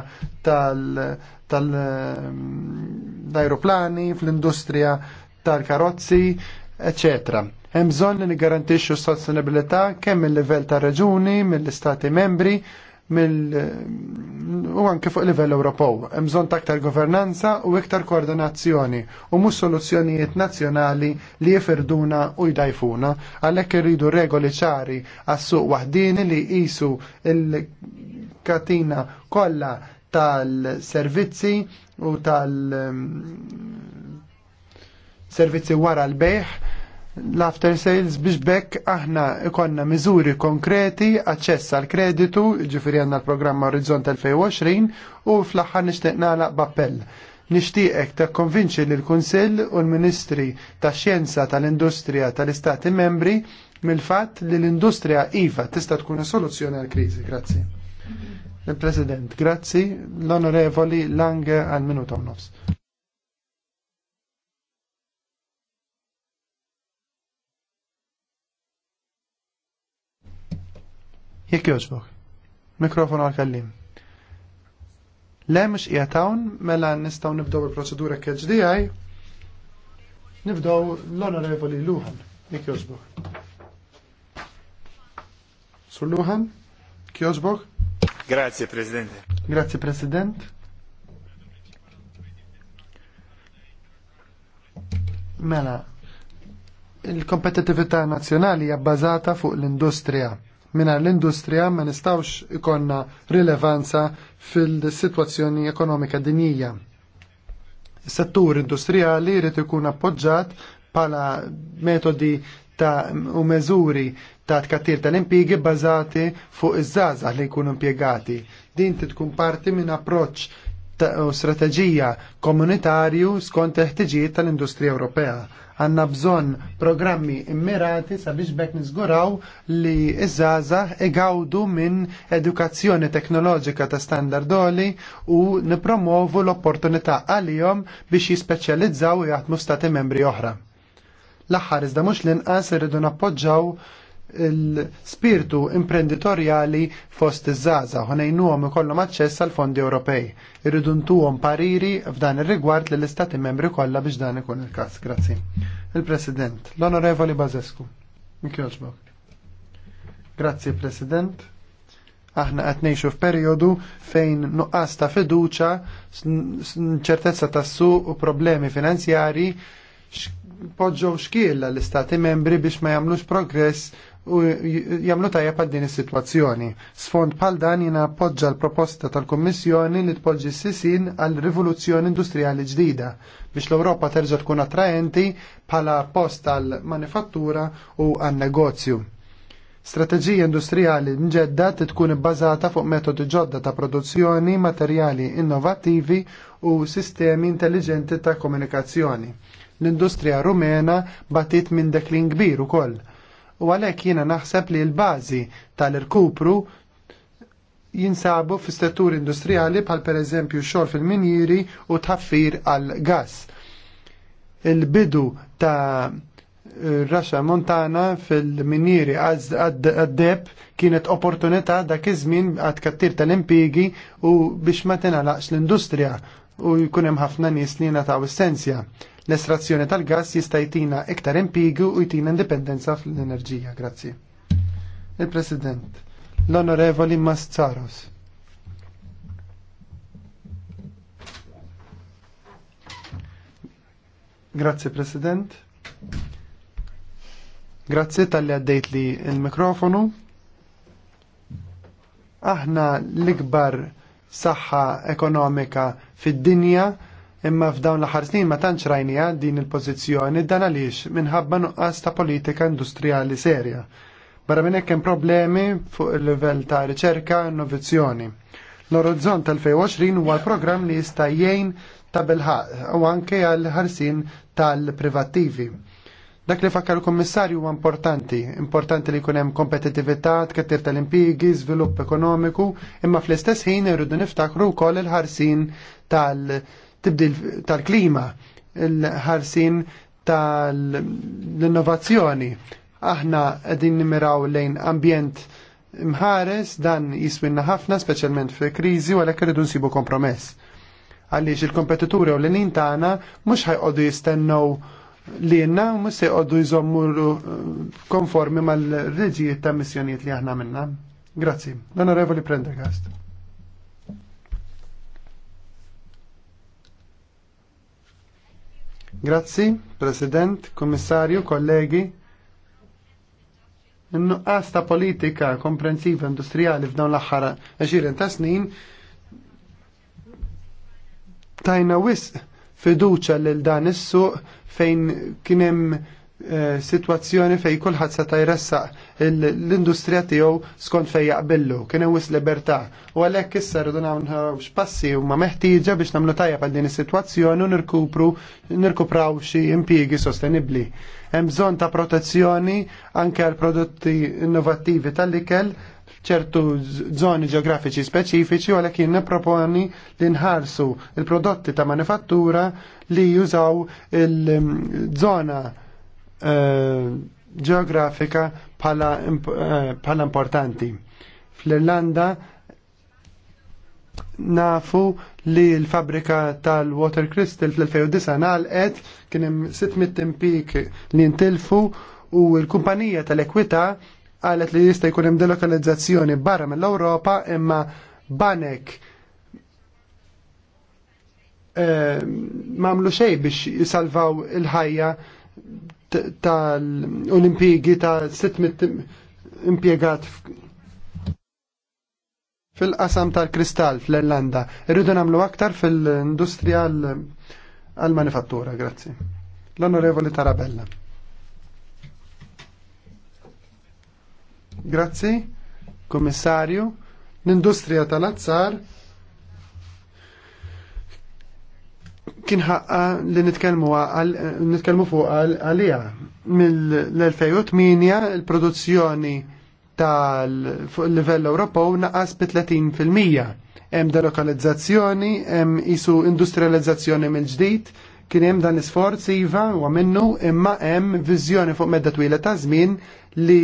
tal-aeroplani, ehm, fl-industrija tal-karozzi, eccetera Hemm bżonn li nigarantixxu s-sostenibilità kemm mill-livell ta' reġuni, mill-istati membri, mill u anke fuq livell Ewropew. Hemm bżonn ta' aktar governanza u iktar koordinazzjoni u mhux soluzzjonijiet nazzjonali li jifirduna u jdajfuna. Għalhekk irridu regoli ċari għas-suq waħdini li jqisu il-katina kollha tal-servizzi u tal- mm, servizzi wara l-bejħ l-after sales biex bekk aħna ikonna miżuri konkreti, aċċess għal kreditu, ġifiri għanna l-programma Orizzont 2020 u fl aħħar nishtiq nagħlaq bappell. Nishtiqek ta' konvinċi l kunsill u l-Ministri ta' Xjenza tal-Industrija tal-Istati Membri mill-fatt li l-industrija IVA tista' tkun soluzzjoni għal kriżi. Grazzi. Il-President, grazzi l-Onorevoli Lange għal minuta u nofs. Jek jogħġbok. Mikrofon għal-kallim. Le mux jgħatawn, mela nistaw nibdow il procedura KHDI, nibdow l-onorevoli Luhan, Jek jogħġbok. Sur Luhan, kjoġbok? Grazie, Presidente. Grazie, President. Mela, il-kompetitività nazzjonali hija bbażata fuq l-industrija Minna l-industrija ma nistawx ikonna rilevanza fil-situazzjoni ekonomika dinjija. Settur industrijali jrid ikun appoġġat pala metodi ta' u meżuri ta' tkattir tal-impjiegi bażati fuq iż żaza li jkunu impjegati. Din tkun parti minn approċċ u strateġija komunitarju skont il-ħtiġijiet tal-industrija Ewropea. Għanna bżon programmi immirati sabiex bekk nizguraw li iż-żaza igawdu minn edukazzjoni teknoloġika ta' standardoli u nipromovu l-opportunità għalihom biex jispeċjalizzaw u jaħdmu stati membri oħra. L-aħħar iżda mhux l-inqas irridu nappoġġaw il-spirtu imprenditorjali fost iż-żaza ħonejnuhom ikollhom aċċess għal fondi Ewropej. Irridu ntuhom pariri f'dan ir-rigward lill istati membri kollha biex dan ikun il-każ. Grazzi. Il-President, l-Onorevoli Bazescu. Mikjoġbok. Grazzi, President aħna qed ngħixu f'perjodu fejn nuqqas ta' fiduċa, ċertezza tas-suq u problemi finanzjari poġġow xkiel l istati membri biex ma jagħmlux progress u jamlu tajja pal din is-sitwazzjoni. Sfond pal dan jina poġġa l-proposta tal-Kommissjoni li tpoġġi s-sisin għal rivoluzzjoni industrijali ġdida biex l-Ewropa terġa' tkun attraenti pala post għal manifattura u għan-negozju. Strateġija industrijali mġedda tkun bbażata fuq metodi ġodda ta' produzzjoni, materjali innovattivi u sistemi intelligenti ta' komunikazzjoni. L-industrija rumena batit minn deklin kbir ukoll u għalhekk jiena naħseb li l-bażi tal-irkupru jinsabu fi settur industrijali bħal pereżempju xor fil-minjiri u tħaffir għal gas. Il-bidu ta' Rasha Montana fil-minjiri għad-deb kienet opportunità dak iż-żmien għad kattir tal-impigi u biex ma tinalaqx l-industrija u jkun hemm ħafna nies li nataw essenzja. L-estrazzjoni tal-gass jista' jtina iktar impigu u jtina indipendenza fl-enerġija. Grazzi. Il-President, l-Onorevoli Mastzaros. Grazzi President. Grazzi tal-li għaddejt li il-mikrofonu. Aħna l-ikbar saħħa ekonomika fid-dinja imma f'dawn l-aħħar snin ma tantx rajnija din il-pożizzjoni dan għaliex minħabba nuqqas ta' politika industrijali serja. Barra minn hekk hemm problemi fuq il-livell ta' riċerka u innovazzjoni. L-Orizzont 2020 huwa l-programm li jista' jgħin ta' bilħaq u anke għal ħarsin tal-privattivi. Dak li fakkar il-Kommissarju huwa importanti, importanti li jkun hemm kompetitività, tkettir tal-impjiegi, żvilupp ekonomiku, imma fl-istess ħin irridu niftakru wkoll il-ħarsin tal-tibdil tal-klima, il-ħarsin tal-innovazzjoni. Aħna qegħdin nimiraw lejn ambjent mħares dan jiswinna ħafna, speċjalment fi kriżi, u għalhekk irridu nsibu kompromess. Għaliex il-kompetituri u l-nin tagħna mhux ħajqogħdu jistennew li jenna mus se għoddu jżommu eh, konformi mal-reġijiet ta' missjoniet li aħna minna. Grazzi. L-Onorevoli Prendergast. Grazzi, President, Kommissarju, kollegi. Innu għasta ta' politika komprensiva industrijali f'dawn l axħara 20 ta' snin tajna wisq fiduċa lil dan is-suq fejn kien hemm eh, situazzjoni fej kulħadd seta' jressaq l-industrija tiegħu skont fej jaqbillu, kien hemm libertà. U għalhekk issa rridu nagħmlu x'passi huma meħtieġa biex nagħmlu tajja għal din is-sitwazzjoni u nirkupru nirkupraw xi impjiegi sostenibbli. Hemm bżonn ta' protezzjoni anke għal prodotti innovattivi tal-ikel ċertu zoni ġeografiċi speċifiċi u għalhekk neproponi nipproponi li nħarsu il-prodotti ta' manifattura li jużaw il-żona eh, ġeografika eh, bħala importanti. Fl-Irlanda nafu li l-fabrika tal-Water Crystal fl-2009 nalqet kien hemm 600 impik li ntilfu u l-kumpanija tal-Ekwita qalet li jista' jkun hemm delokalizzazzjoni barra mill-Ewropa imma banek eh, mamlu xej biex jisalvaw il-ħajja tal-Olimpijgi ta' 600 impiegat fil-qasam tal-kristall fl-Irlanda. Irridu namlu aktar fil-industrija għal-manifattura, grazzi. L-Onorevoli Tarabella. Grazzi, Kommissarju. L-industrija tal-azzar kien ħaqqa li għal nitkellmu fuq għalija mill-2008 il-produzzjoni tal fuq il-livell Ewropew naqas bi 30 fil-mija. Hemm delokalizzazzjoni, hemm isu industrializzazzjoni mill-ġdid, kien hemm dan l-isforz iva u minnu imma hemm viżjoni fuq medda twila ta' żmien li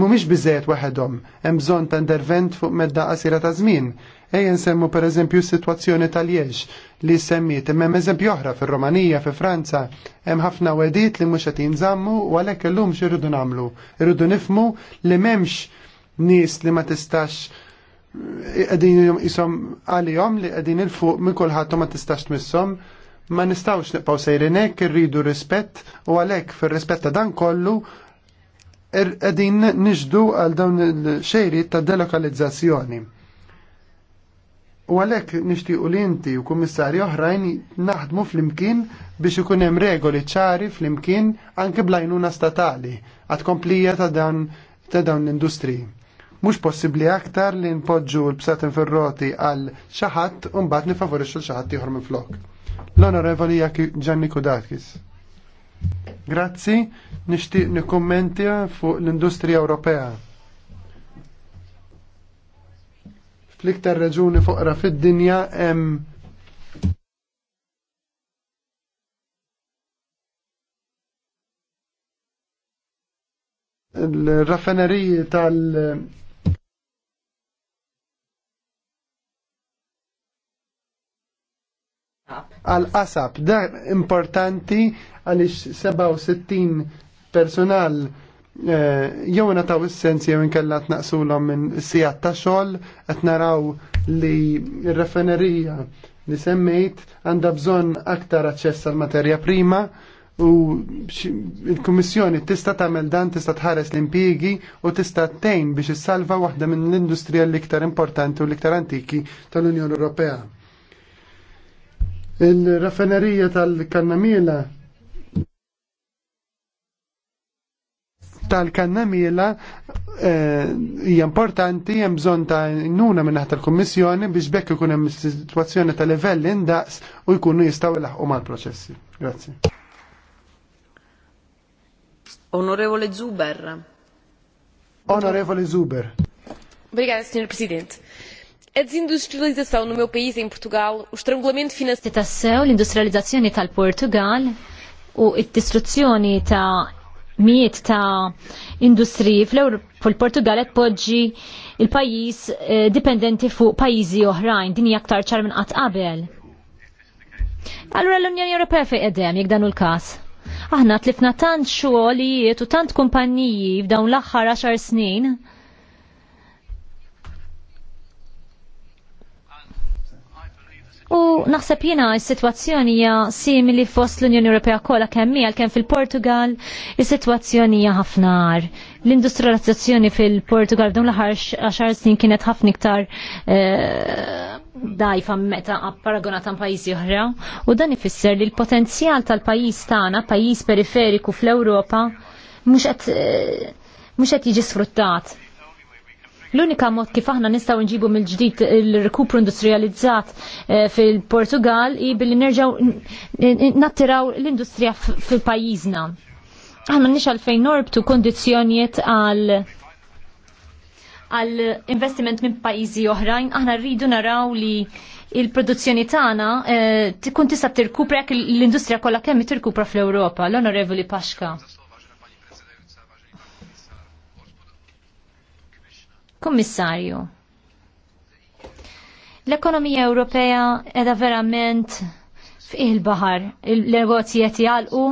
mumiex biżejjed waħedhom, hemm bżonn ta' intervent fuq medda qasira ta' żmien. Ejjen nsemmu pereżempju s-sitwazzjoni tal-Jex li semmiet imma hemm eżempju oħra fir-Romanija, fi Franza, hemm ħafna wedit li mhux qed jinżammu u għalhekk illum x'irridu nagħmlu. Irridu nifmu li m'hemmx nies li ma tistax eh, qegħdin isom għalihom li qegħdin il fuq minn kulħadd ma tistax tmissom ma nistawx niqpaw sejrinek, irridu rispett u għalek fil ta' dan kollu qegħdin er, niġdu għal dawn il-xejri ta' delokalizzazzjoni. U għalhekk nixtiequ li inti u kummissarji oħrajn naħdmu flimkien biex ikun hemm regoli ċari flimkien anke blajnuna statali għad komplija ta' dawn ta' dawn l-industriji. Mhux possibbli aktar li npoġġu l-bsatin ferroti għal xi ħadd u mbagħad nifavorixxu xi ħadd ieħor minn flok. L-Onorevoli Gianni Kudakis. Grazzi, nixtieq nikkummentja fuq l-industrija Ewropea. Fl-iktar raġuni foqra fid-dinja hemm l-raffineriji tal- għal-qasab. Da importanti għalix 67 personal eh, jew nataw is-sens jew inkella tnaqsulhom minn sijat ta' xogħol qed naraw li r-refinerija li semmejt għandha bżonn aktar aċċess għal materja prima u il-Kummissjoni tista' tagħmel dan tista' tħares l-impjiegi u tista' tgħin biex issalva waħda minn l-industrija l-iktar importanti u l-iktar antiki tal-Unjoni Ewropea. Il-raffinerija tal-kannamila tal-kannamila eh, hija importanti hemm bżonn ta' nuna minn naħta l-Kummissjoni biex bekk ikun hemm sitwazzjoni ta' livell indaqs u jkunu jistgħu jlaħqu mal-proċessi. Grazzi. Onorevole Zuber. Onorevole Zuber. Obrigada, Sr. Presidente. A desindustrialização no meu país, em Portugal, o estrangulamento financeiro. l-industrializzazzjoni tal-Portugal u id-distruzzjoni ta' miet ta' industriji fl-Portugal qed poġġi il-pajjiż eh, dipendenti fuq pajjiżi oħrajn din hija aktar ċar minn qatt qabel. Allura l-Unjoni Ewropea fejn qedem jekk dan hu l-każ. Aħna tlifna tant xogħlijiet u tant kumpanniji f'dawn l-aħħar 10 snin U naħseb jiena s-sitwazzjoni hija simili fost l-Unjoni Ewropea kollha kemm hija kemm fil-Portugal is-sitwazzjoni hija ħafna għar. L-industrializzazzjoni fil-Portugal dawn l-aħħar 10 snin kienet ħafna iktar eh, dajfa meta paragonata ta' pajjiżi oħra u dan ifisser li l-potenzjal tal-pajjiż tagħna, pajjiż periferiku fl-Ewropa, mhux qed eh, mhux qed jiġi sfruttat L-unika mod kif aħna nistgħu nġibu mill-ġdid il-rikupru industrializzat eh, fil-Portugal i billi nerġgħu nattiraw l-industrija fil-pajjiżna. Aħna nix għalfejn norbtu kondizzjonijiet għal għal investiment minn pajjiżi oħrajn, aħna rridu naraw li il-produzzjoni tagħna eh, tkun tista' tirkupra jekk l-industrija kollha kemm tirkupra fl-Ewropa, l-Onorevoli Paxka. Kommissarju, l-ekonomija Ewropea edha verament fil il-bahar, il-negozji qed jalqu,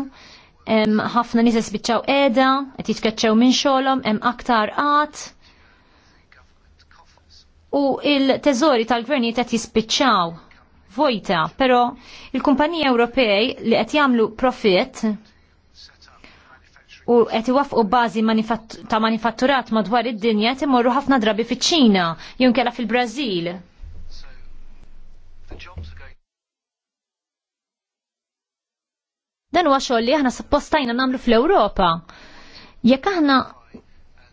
ħafna nies spiċċaw qiegħda, qed jitkeċċew minn xogħolhom, hemm aktar qatt. U il-teżori tal-gvernijiet qed jispiċċaw vojta, però il-kumpaniji Ewropej li qed jagħmlu profitt u qed iwaffqu bażi ta' manifatturat madwar id-dinja qed imorru ħafna drabi fiċ-Ċina jew kella fil-Brażil. Dan huwa xogħol li aħna suppostajna nagħmlu fl-Ewropa. Jekk aħna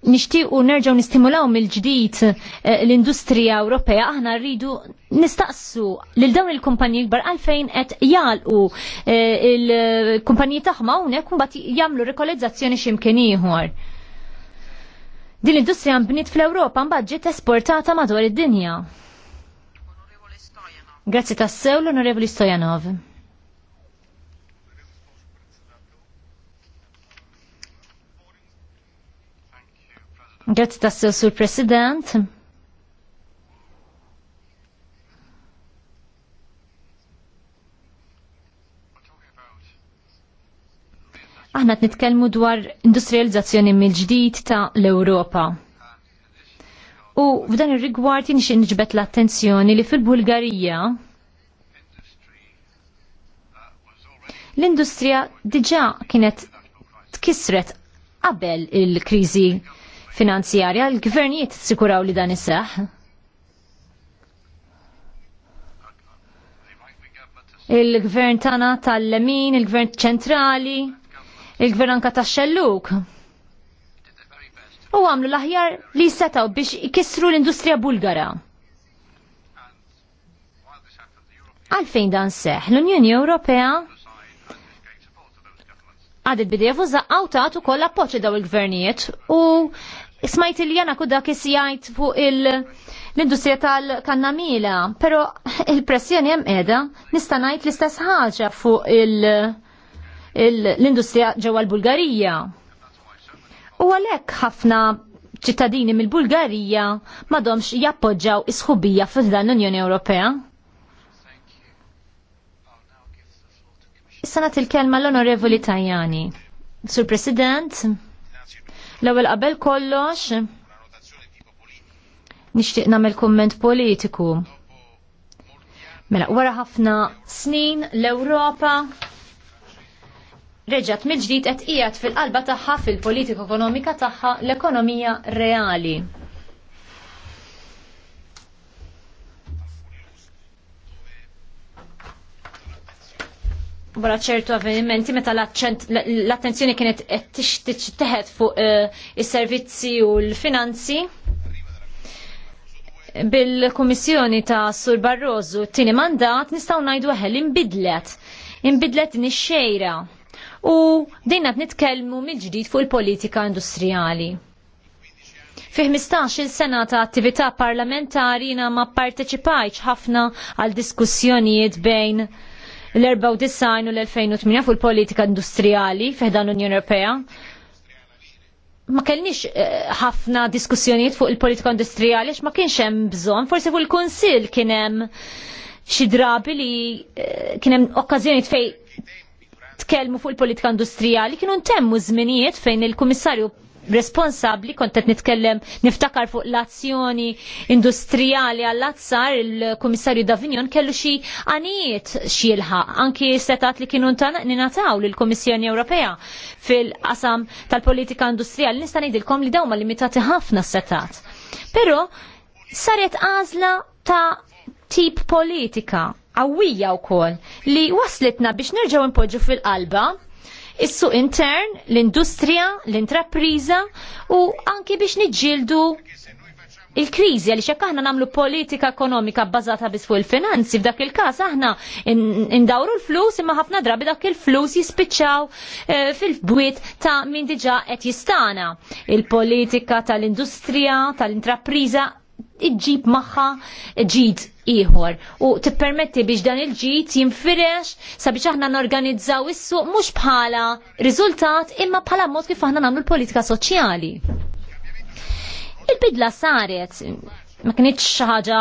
nixtiequ nerġgħu nistimulaw mill-ġdid eh, l-industrija Ewropea aħna rridu nistaqsu lil dawn il-kumpanji kbar għalfejn qed jgħalqu eh, il-kumpanji tagħhom hawnhekk imbagħad jagħmlu rikolizzazzjoni x'imkien ieħor. Din l-industrija mbniet fl-Ewropa mbagħad ġiet esportata madwar id-dinja. Grazzi tassew l-Onorevoli Stojanov. Grazie tassew sur President. Aħna qed nitkellmu dwar industrializzazzjoni mill-ġdid ta' l-Ewropa. U f'dan ir-rigward jinxi nġbet l-attenzjoni li fil-Bulgarija l-industrija diġà kienet tkisret qabel il-kriżi finanzjarja, l-gvernijiet sikuraw li dan is saħ Il-gvern tana tal-lemin, il-gvern ċentrali, il-gvern anka tax-xelluk. U għamlu l-aħjar li setaw biex ikissru l-industrija bulgara. Għalfejn dan seħ, l-Unjoni Ewropea għadet bidejfu za zaqqaw taħtu koll appoċi daw il-gvernijiet u Ismajt il jena kuda kis jajt fuq l-industrija tal-kannamila, pero il-pressjoni jem edha nistanajt l-istess ħaġa fuq l-industrija ġewwa l-Bulgarija. U għalhekk ħafna ċittadini mill-Bulgarija madomx jappoġġaw isħubija fil-dan l-Unjoni Ewropea? Issa il-kelma l-Onorevoli Tajani. Sur President, L-ewwel qabel kollox nixtieq nagħmel kumment politiku. Mela, wara ħafna snin l-Ewropa reġgħet mill-ġdid qed qiegħed fil-qalba tagħha fil-politika ekonomika tagħha l-ekonomija reali. wara ċertu avvenimenti meta l-attenzjoni kienet teħed fuq eh, is-servizzi u l-finanzi bil-Kummissjoni ta' Sur Barroso t-tieni mandat nistgħu ngħidu eħel inbidlet. Inbidlet nix-xejra. U dejna nitkellmu mill-ġdid fuq il-politika industrijali. Fi 15-il sena ta' attività parlamentari ma parteċipajċ ħafna għal diskussjonijiet bejn l-94 u l-2008 fuq il-politika industrijali fiħdan l-Unjoni Ewropea. Ma kellniex eh, ħafna uh, diskussjonijiet fuq il-politika industrijali x ma kienx hemm bżonn, forsi fuq il-Kunsill kien hemm xi drabi li uh, kien hemm okkażjonijiet fejn tkellmu fuq il-politika industrijali kienu ntemmu żminijiet fejn il-Kummissarju responsabli, kontet nitkellem niftakar fuq l-azzjoni industrijali għall-azzar, il-Komissarju Davignon kellu xi għaniet xilħa, anki setat li kienu ninataw l-Komissjoni Ewropea fil-qasam tal-politika industrijali, nista' ngħidilkom li dawma limitati ħafna setat. Però saret għażla ta' tip politika qawwija wkoll li waslitna biex nerġgħu npoġġu fil-qalba is-suq intern, l-industrija, l-intrapriża u anki biex niġġieldu il-krizi għaliex jekk aħna nagħmlu politika ekonomika bbażata biss fuq il-finanzi f'dak il-każ aħna indawru l-flus imma ħafna drabi dak il-flus jispiċċaw eh, fil-bwiet ta' min diġà qed jistana. Il-politika tal-industrija, tal-intrapriża iġġib maħħa ġid ieħor u tippermetti biex dan il-ġid jinfirex sabiex aħna norganizzaw is-suq mhux bħala riżultat imma bħala mod kif aħna nagħmlu l-politika soċjali. Il-bidla saret ma kinitx xi ħaġa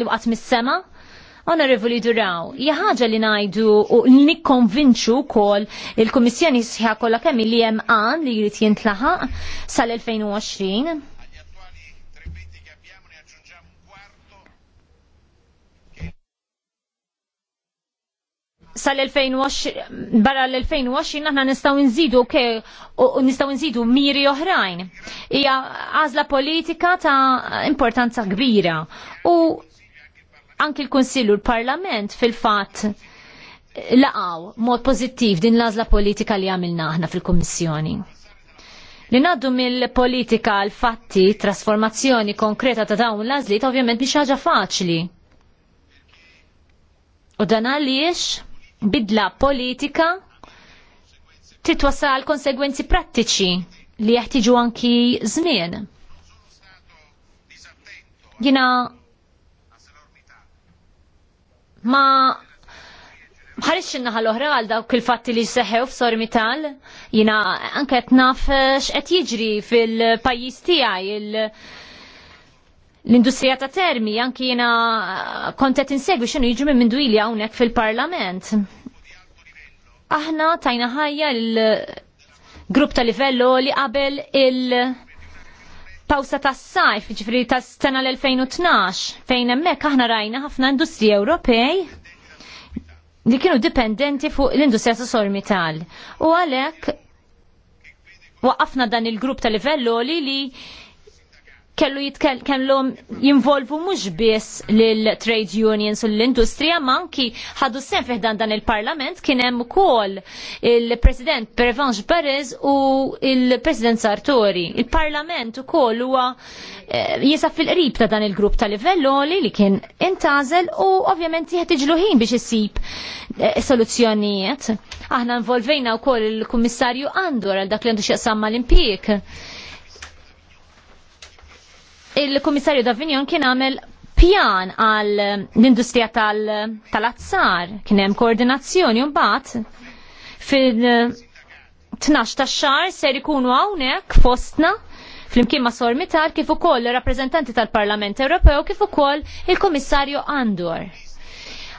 li waqgħet mis-sema, Onorevoli Duraw, ħaġa li najdu u nikkonvinċu kol il-Komissjoni sħiħa kollha kemm li hemm għan li jrid jintlaħaq sal-2020 sal-2020 barra l-2020 aħna nistgħu nżidu ke u nistgħu nżidu miri oħrajn. Hija għażla politika ta' importanza kbira u anki l-Kunsill u l-Parlament fil-fatt laqgħu mod pożittiv din l-għażla politika li għamilna aħna fil-Kummissjoni. Li naddu mill-politika l-fatti, trasformazzjoni konkreta ta' dawn l-għażliet ovvjament mhix ħaġa faċli. U dan għaliex bidla politika titwasal konsegwenzi prattiċi li jeħtiġu anki żmien. Jina ma ħarix naħa l-oħra għal dawk il-fatti li seħew f'Sormital, jina anke naf x'qed jiġri fil-pajjiż tiegħi l-industrija ta' termi anki jena eh, kontet insegwi xinu jiġu minn mindwili hawnhekk fil-parlament. Aħna tajna ħajja l-grupp ta' livello li qabel il- Pawsa tas sajf, ġifri tas sena l-2012, fejn hemmhekk aħna rajna ħafna industrija Ewropej li kienu dipendenti fuq l-industrija ta' sormital. U għalek, waqqafna dan il-grupp ta' livello li li kellu jitkellom jinvolvu mhux biss lil trade unions u l-industrija ma anki ħadu sem fiħdan dan il-parlament kien hemm ukoll il-President Pervenche Perez u il-President Sartori. Il-parlament ukoll huwa eh, jisa fil-qrib ta' dan il-grupp ta' livelloli li kien intażel u ovvjament jieħed iġluħin biex issib eh, soluzzjonijiet. Aħna involvejna wkoll il-Kummissarju Andor għal dak li għandu xieqsam mal impjieg il-Komissarju D'Avinjon kien għamel pjan għal l-industrija tal-azzar, tal kien hemm koordinazzjoni mbagħad fil-12 ta' xar ser ikunu hawnhekk fostna flimkien ma' sormitar kif ukoll rappreżentanti tal-Parlament Ewropew kif ukoll il-Komissarju Andor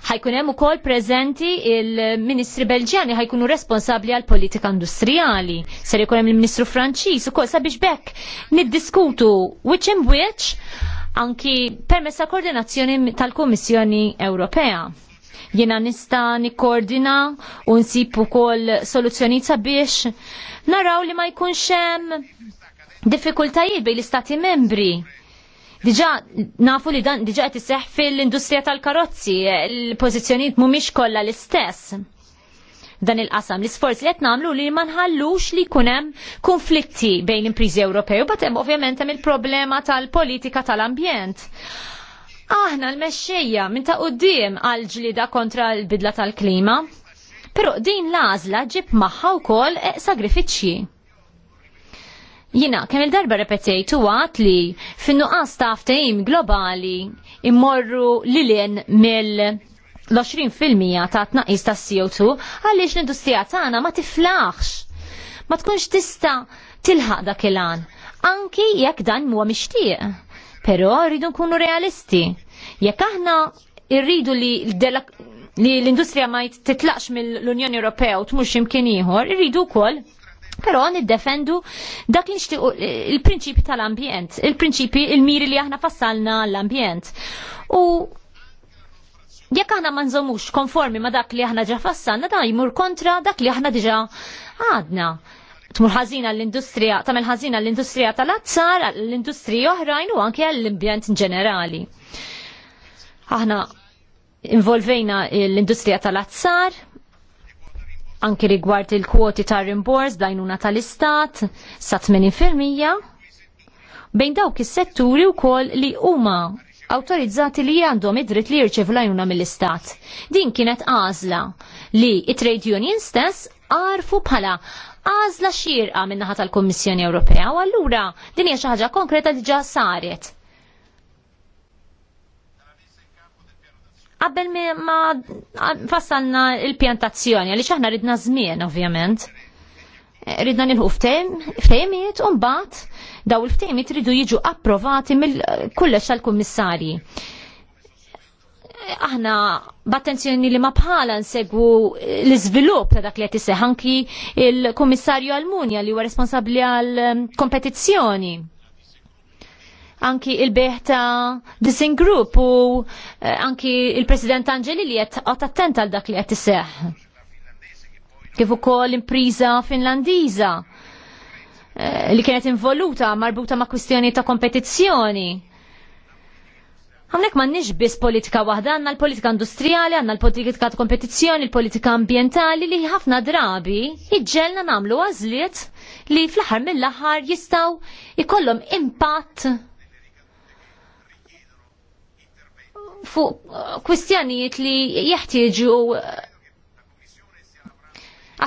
ħajkun hemm ukoll preżenti il-Ministri Belġjani ħajkunu responsabbli għal politika industrijali. Ser jkun hemm il-Ministru Franċiż ukoll sabiex bekk niddiskutu which in which anki permessa koordinazzjoni tal-Kummissjoni Ewropea jena nista nikkoordina u nsib ukoll soluzzjonijiet sabiex naraw li ma jkunx hemm diffikultajiet bejn l-istati membri Diġa nafu li dan diġa qed fil-industrija tal-karozzi, il-pożizzjonijiet mhumiex kollha l-istess dan il-qasam. L-isforzi li qed nagħmlu li ma nħallux li jkun hemm konflitti bejn impriżi Ewropew, bat hemm ovvjament hemm il-problema tal-politika tal-ambjent. Aħna l-mexxejja minn ta' quddiem għal ġlida kontra l-bidla tal-klima, però din l-għażla ġib magħha wkoll e sagrifiċċji. Jina, kemm il-darba repetejt u għat li fin-nuqqas ta' ftehim globali immorru lilien mill l-20% ta' tnaqqis ta' CO2 għaliex l-industrija tagħna ma tiflaħx. Ma tkunx tista' tilħaq dak il-għan. Anki jekk dan huwa mixtieq. Però rridu nkunu realisti. Jekk aħna irridu li li l-industrija ma titlaqx mill-Unjoni Ewropea u tmux imkien ieħor, irridu wkoll Pero niddefendu dak li nixtiequ il-prinċipi tal-ambjent, il-prinċipi il-miri li aħna fassalna l-ambjent. U jekk aħna ma nżomux konformi ma dak li aħna ġa fassalna, da jmur kontra dak li aħna diġa għadna tmur ħażina l-industrija, tamel ħazina l-industrija tal-azzar, l-industrija oħrajn u anke l-ambjent ġenerali. Aħna involvejna l-industrija tal-azzar, anki rigward il-kwoti ta' rimbors dajnuna tal-istat sa' 80% bejn dawk is-setturi wkoll li huma awtorizzati li għandhom id-dritt li jirċevu lajnuna mill-istat. Din kienet għażla li it-trade union stess għarfu bħala għażla xirqa minnaħat tal-Kommissjoni Ewropea u allura din hija xi ħaġa konkreta diġà saret. qabel ma fassalna il-pjantazzjoni, għaliex aħna ridna żmien ovvjament. Ridna nilħu ftejmiet u mbagħad daw il-ftejmiet ridu jiġu approvati mill kulle xal kummissarji Aħna b'attenzjoni li ma bħala nsegwu l-iżvilupp ta' dak li qed iseħ anki il-Kummissarju Almunja li huwa responsabbli għal kompetizzjoni anki il-beħ ta' Dissing Group u eh, anki il-President Angeli li qed għat attent għal dak li qed iseħħ. Kif ukoll impriża Finlandiża eh, li kienet involuta marbuta ma' kwistjoni ta' kompetizzjoni. Għamnek ma' nix bis politika wahda, għanna l-politika industrijali, għanna l-politika ta' kompetizzjoni, l-politika ambientali li ħafna drabi iġġelna namlu għazliet li fl-ħar mill-ħar jistaw ikollom impatt fuq eh, kwistjonijiet li jeħtieġu eh,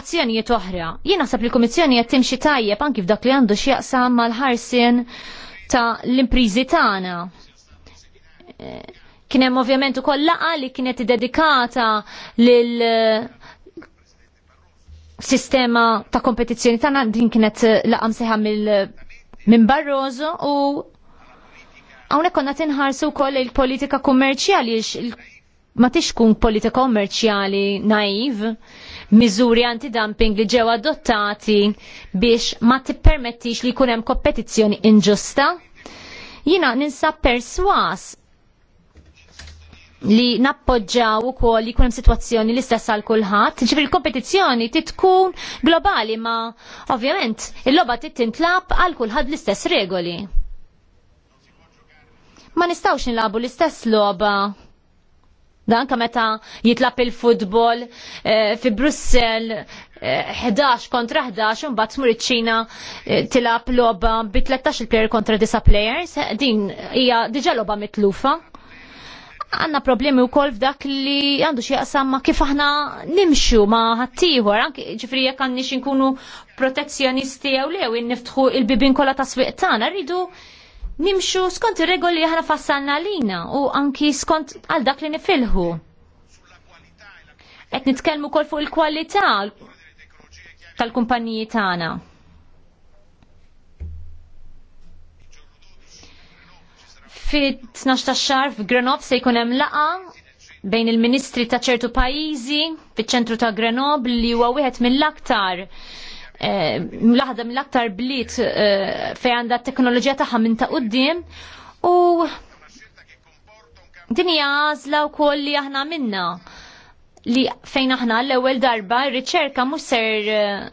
azzjonijiet oħra. Jien naħseb li l-Kummissjoni qed timxi tajjeb anki f'dak li għandu x'jaqsam mal-ħarsien ta' l impriżi tagħna. Eh, kien hemm ovvjament ukoll laqa li kienet iddedikata lil sistema ta' kompetizzjoni tagħna din kienet laqam seħa mill minn Barroso u Hawnhekk konna tinħarsu wkoll il-politika kummerċjali ma tixkun politika kommerċjali naiv, miżuri antidumping li ġew adottati biex ma tippermettix li jkun hemm kompetizzjoni inġusta. Jina ninsab perswas li nappoġġaw u kol li kunem situazzjoni l-istess għal kulħadd. Ġifir il-kompetizzjoni titkun globali ma ovvjament il-loba titintlab għal kulħadd l-istess regoli ma nistawx nilabu l-istess logħba dan ka meta jitlab il-futbol eh, fi Brussel 11 eh, kontra 11 un bat iċ-Ċina eh, tilab logħba bi 13 il-player kontra disa' players din hija diġà logħba mitlufa. Għanna problemi wkoll f'dak li għandu xi jaqsam ma kif aħna nimxu ma ħaddieħor, anke ġifri jekk għandniex inkunu protezzjonisti jew lew għaw il-bibin kollha ta' swieq tagħna rridu nimxu skont ir-regoli li ħana fassalna lina u anki skont għal dak li nifilħu. Qed nitkellmu kol fuq il-kwalità tal-kumpaniji tagħna. Fit-12 ta' xar f'Grenob se jkun hemm laqa bejn il-ministri ta' ċertu pajjiżi fiċ-ċentru ta' Grenob li huwa wieħed mill-aktar mlaħda eh, mill-aktar bliet eh, fejn għandha t-teknoloġija tagħha minn ta' qudiem u din hija għażla wkoll li aħna minna li fejn aħna l-ewwel darba r-riċerka mhux ser eh,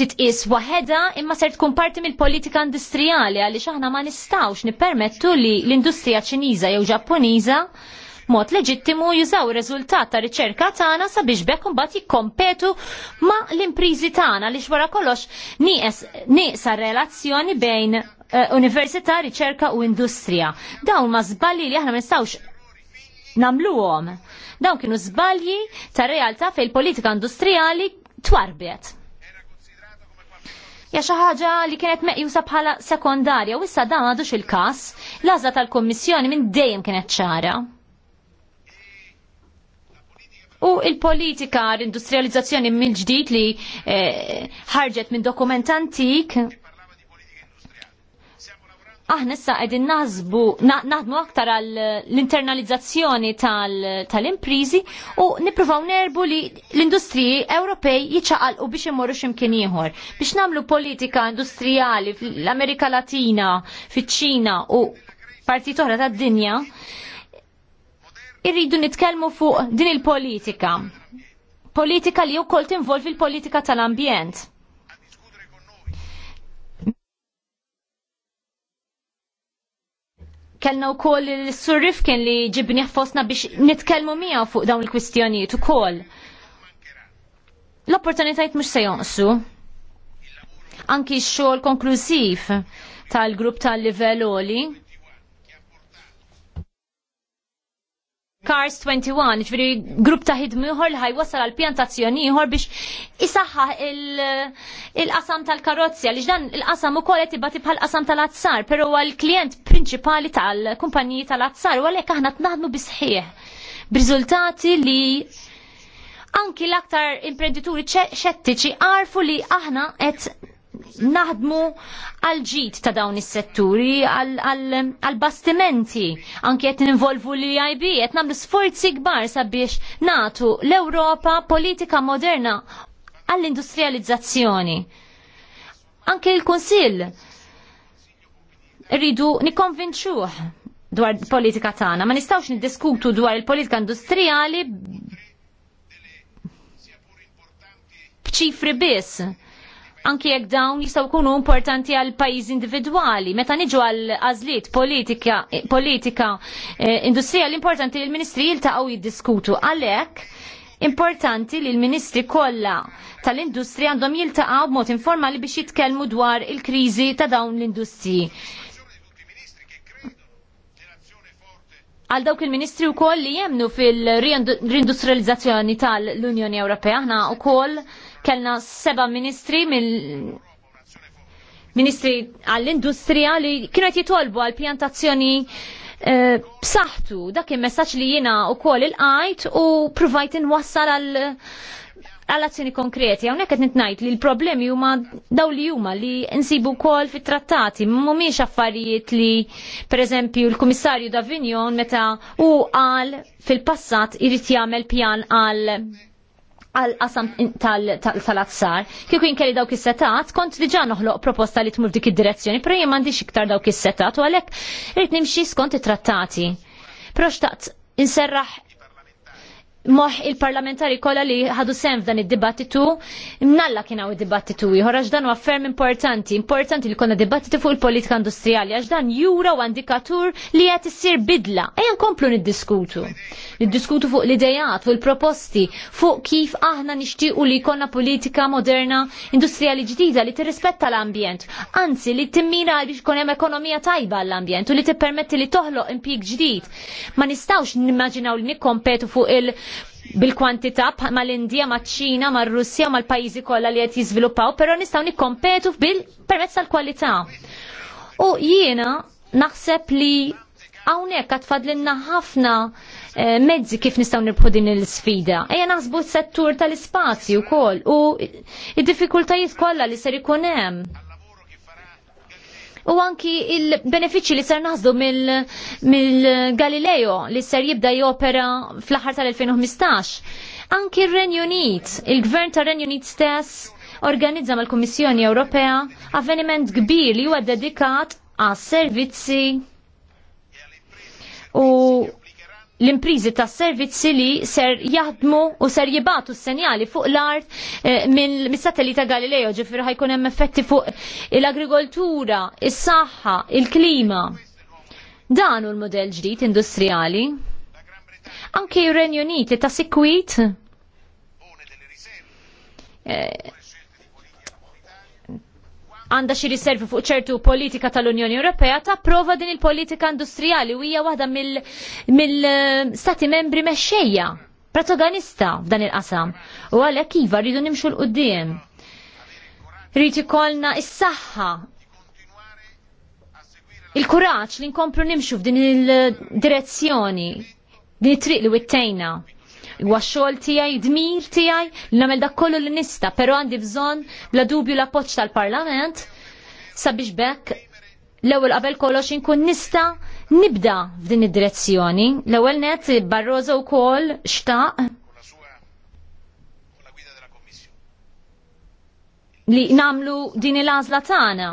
titqis waħedha imma ser tkun parti mill-politika industrijali għaliex aħna ma nistgħux nippermettu li l-industrija Ċiniża jew Ġappuniża mod leġittimu jużaw ir-riżultat ta' riċerka tagħna sabiex bekk imbagħad jikkompetu ma' l-impriżi tagħna li wara kollox nieqsa relazzjoni bejn uh, università, riċerka u industrija. Dawn ma' żballi li aħna nistgħux namluhom. Dawn kienu żbalji ta' realtà il politika industrijali twarbet. Ja xi ħaġa li kienet meqjusa bħala sekondarja u issa dan għadux il-każ, l-għażla tal-Kummissjoni minn dejjem kienet ċara. U il-politika l-industrializzazzjoni mill-ġdid li eh, ħarġet minn dokument antik aħna issa qegħdin naħsbu naħdmu aktar għal l-internalizzazzjoni tal-imprizi u nippruvaw nerbu li l-industriji Ewropej jiċċaqalqu biex imorru x'imkien ieħor. Biex nagħmlu politika industrijali fl-Amerika Latina, fiċ-Ċina u partit oħra tad-dinja, irridu nitkellmu fuq din il-politika. Politika li wkoll tinvolvi l-politika tal-ambjent. kellna u kol il-surrif kien li ġibni fosna biex nitkelmu mija fuq dawn il-kwistjonijiet ukoll. L-opportunitajt mhux se jonqsu. Anki x-xogħol konklużiv tal-grupp tal livelloli Cars 21, ġviri grupp ta' ħidmiħor li ħajwasal għal pjantazzjoni ieħor biex isaħħa il-qasam tal-karozzja li dan il-qasam u kolet ibati bħal qasam tal-azzar, pero għal-klient prinċipali tal-kumpaniji tal-azzar, u għalek aħna t-naħdmu bisħieħ. Brizultati li anki l-aktar imprenditori ċettiċi għarfu li aħna qed naħdmu għal ġid ta' dawn is-setturi, għal bastimenti, anke qed ninvolvu l IB, qed nagħmlu sforzi kbar sabiex natu l-Ewropa politika moderna għall-industrializzazzjoni. Anke l-Kunsill rridu nikkonvinċuh dwar politika tagħna, ma nistgħux niddiskutu dwar il-politika industrijali b'ċifri biss anki jekk dawn jistgħu jkunu importanti għal pajjiż individwali. Meta niġu għal għażliet politika, politika eh, industrijali importanti li l-ministri jiltaqgħu jiddiskutu. Għalhekk importanti li l-ministri kollha tal industri għandhom jiltaqgħu b'mod informali biex jitkellmu dwar il-kriżi ta' dawn l-industriji. għal dawk il-ministri u koll li jemnu fil-reindustrializzazzjoni tal-Unjoni Ewropea, ħna u koll kellna seba ministri mill ministri għall-industrija li kienu qed jitolbu għal pjantazzjoni eh, b'saħħtu dak il-messaġġ li jiena wkoll il-qajt u provajt inwassal għal għal-azzjoni konkreti, għonek għet nitnajt li l-problemi huma daw li huma li nsibu kol fit trattati mumiex affarijiet li, per eżempju, l-Komissarju Davignon meta u għal fil-passat irrit jagħmel pjan għal għal qasam tal-azzar, kieku jinkeli dawk is-setat, kont diġa noħloq proposta li tmur dik id-direzzjoni, pero jien m'għandix iktar dawk is-setat u għalhekk irid nimxi skont it-trattati. Però inserraħ moħ il-parlamentari kolla li ħadu sem f'dan id-dibattitu, nalla hawn id-dibattitu, għax dan u affermi importanti, importanti li konna dibattitu fuq il-politika industrijali, għax dan jura u indikatur li għet issir bidla, ejjan komplu niddiskutu. Niddiskutu fuq l-idejat, fuq il-proposti, fuq kif aħna nishtiqu li konna politika moderna, industrijali ġdida li tirrispetta l-ambjent, anzi li timmira biex konem ekonomija tajba l-ambjent u li tippermetti li toħloq impjeg ġdid. Ma nistawx nimmaġinaw li nikkompetu fuq il- bil-kwantità mal-Indija, maċ-Ċina, mal russja mal-pajjiżi kollha li qed jiżviluppaw, però nistgħu nikkompetu bil permezz tal-kwalità. U jiena naħseb li hawnhekk qed fadlinna ħafna eh, mezzi kif nistgħu nirbħu din il sfida Ejja naħsbu s-settur tal-ispazju wkoll u d diffikultajiet kollha li ser ikun hemm u anki il-benefiċi li ser naħdu mill-Galileo li ser jibda jopera fl-aħħar tal-2015. Anki r-Renju Unit, il-gvern tar renju Unit stess organizza mal-Kummissjoni Ewropea avveniment kbir li huwa dedikat għas servizzi u l-imprizi ta' servizzi li ser jaħdmu u ser jibatu s-senjali fuq l-art eh, minn mis satellita Galileo ġifir ħajkun hemm effetti fuq l-agrikoltura, is-saħħa, il klima Dan hu l-modell ġdid industrijali. Anke ir-Renju Uniti ta' sikwit. Eh, għandha xi riservi fuq ċertu politika tal-Unjoni Ewropea ta' prova din il-politika industrijali u hija waħda mill-stati eh, mil membri mexxejja protagonista f'dan il-qasam. U għalhekk iva rridu nimxu l-qudiem. Rrid ikollna s saħħa il kuraġġ li nkomplu nimxu f'din il-direzzjoni, din it-triq li wittejna huwa xogħol tiegħi, dmir tiegħi, li nagħmel dak kollu li nista, però għandi bżonn bla dubju l-appoġġ tal-Parlament sabiex bekk l-ewwel qabel kollox inkun nista' nibda f'din id-direzzjoni. L-ewwel net Barroso wkoll xtaq li namlu din il azla tagħna.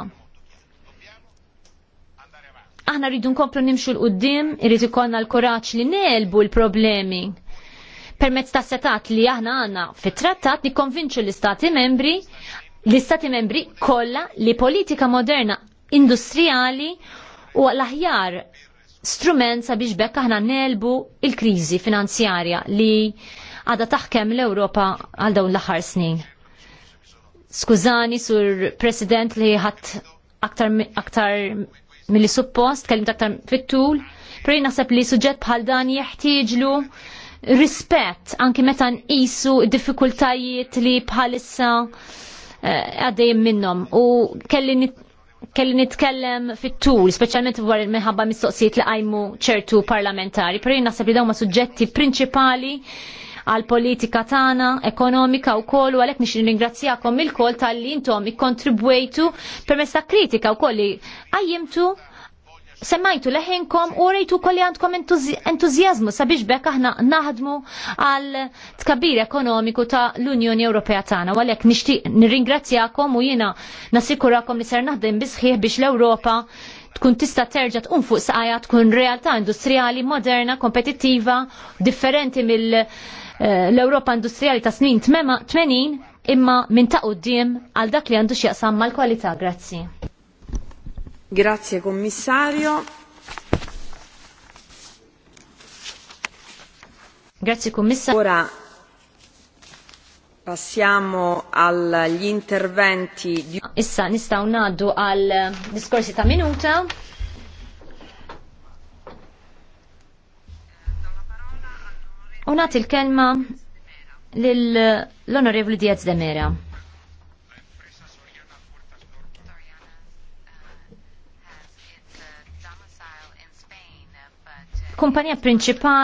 Aħna rridu nkomplu nimxu l-qoddim, rridu ikollna l-kuraġġ li nelbu l-problemi permezz ta' setat li aħna għandna fit-trattat nikkonvinċu l-istati membri l-istati membri kollha li politika moderna industrijali u l-aħjar strument sabiex bekk aħna nelbu il-kriżi finanzjarja li għada taħkem l-Ewropa għal dawn l-aħħar snin. Skużani sur President li ħadd aktar, aktar mill-suppost, kellimt aktar fit-tul, prej naħseb li suġġett bħal dan jeħtieġlu rispett anki meta nqisu diffikultajiet li bħalissa eh, għaddejjem minnhom u kelli nitkellem fit-tul, speċjalment dwar minħabba mistoqsijiet li għajmu ċertu parlamentari, però jien naħseb li dawn ma' suġġetti prinċipali għal politika tagħna, ekonomika wkoll u għalhekk nixin ringrazzjakom il-kol tal-li intom ikkontribwejtu permezz ta' kritika wkoll li għajjimtu semmajtu leħinkom u rejtu kolli għandkom entuzjazmu sabiex bekk aħna naħdmu għal tkabbir ekonomiku ta' l-Unjoni Ewropea tagħna. Għalhekk nixtieq nirringrazzjakom u jiena nassikurakom li ser naħdem bisħieħ biex l-Ewropa tkun tista' terġa' tqum fuq saqajja tkun realtà industrijali moderna, kompetittiva, differenti mill eh, l-Ewropa industrijali ta' snin 80 imma minn ta' qudiem għal dak li għandu x'jaqsam mal-kwalità. Grazzi. Grazie Commissario. Grazie Commissario. Ora passiamo agli interventi di... Issa Un naddu għal diskorsi ta' minuta. Unat il-kelma l-Onorevoli Diaz de Mera. kumpanija prinċipali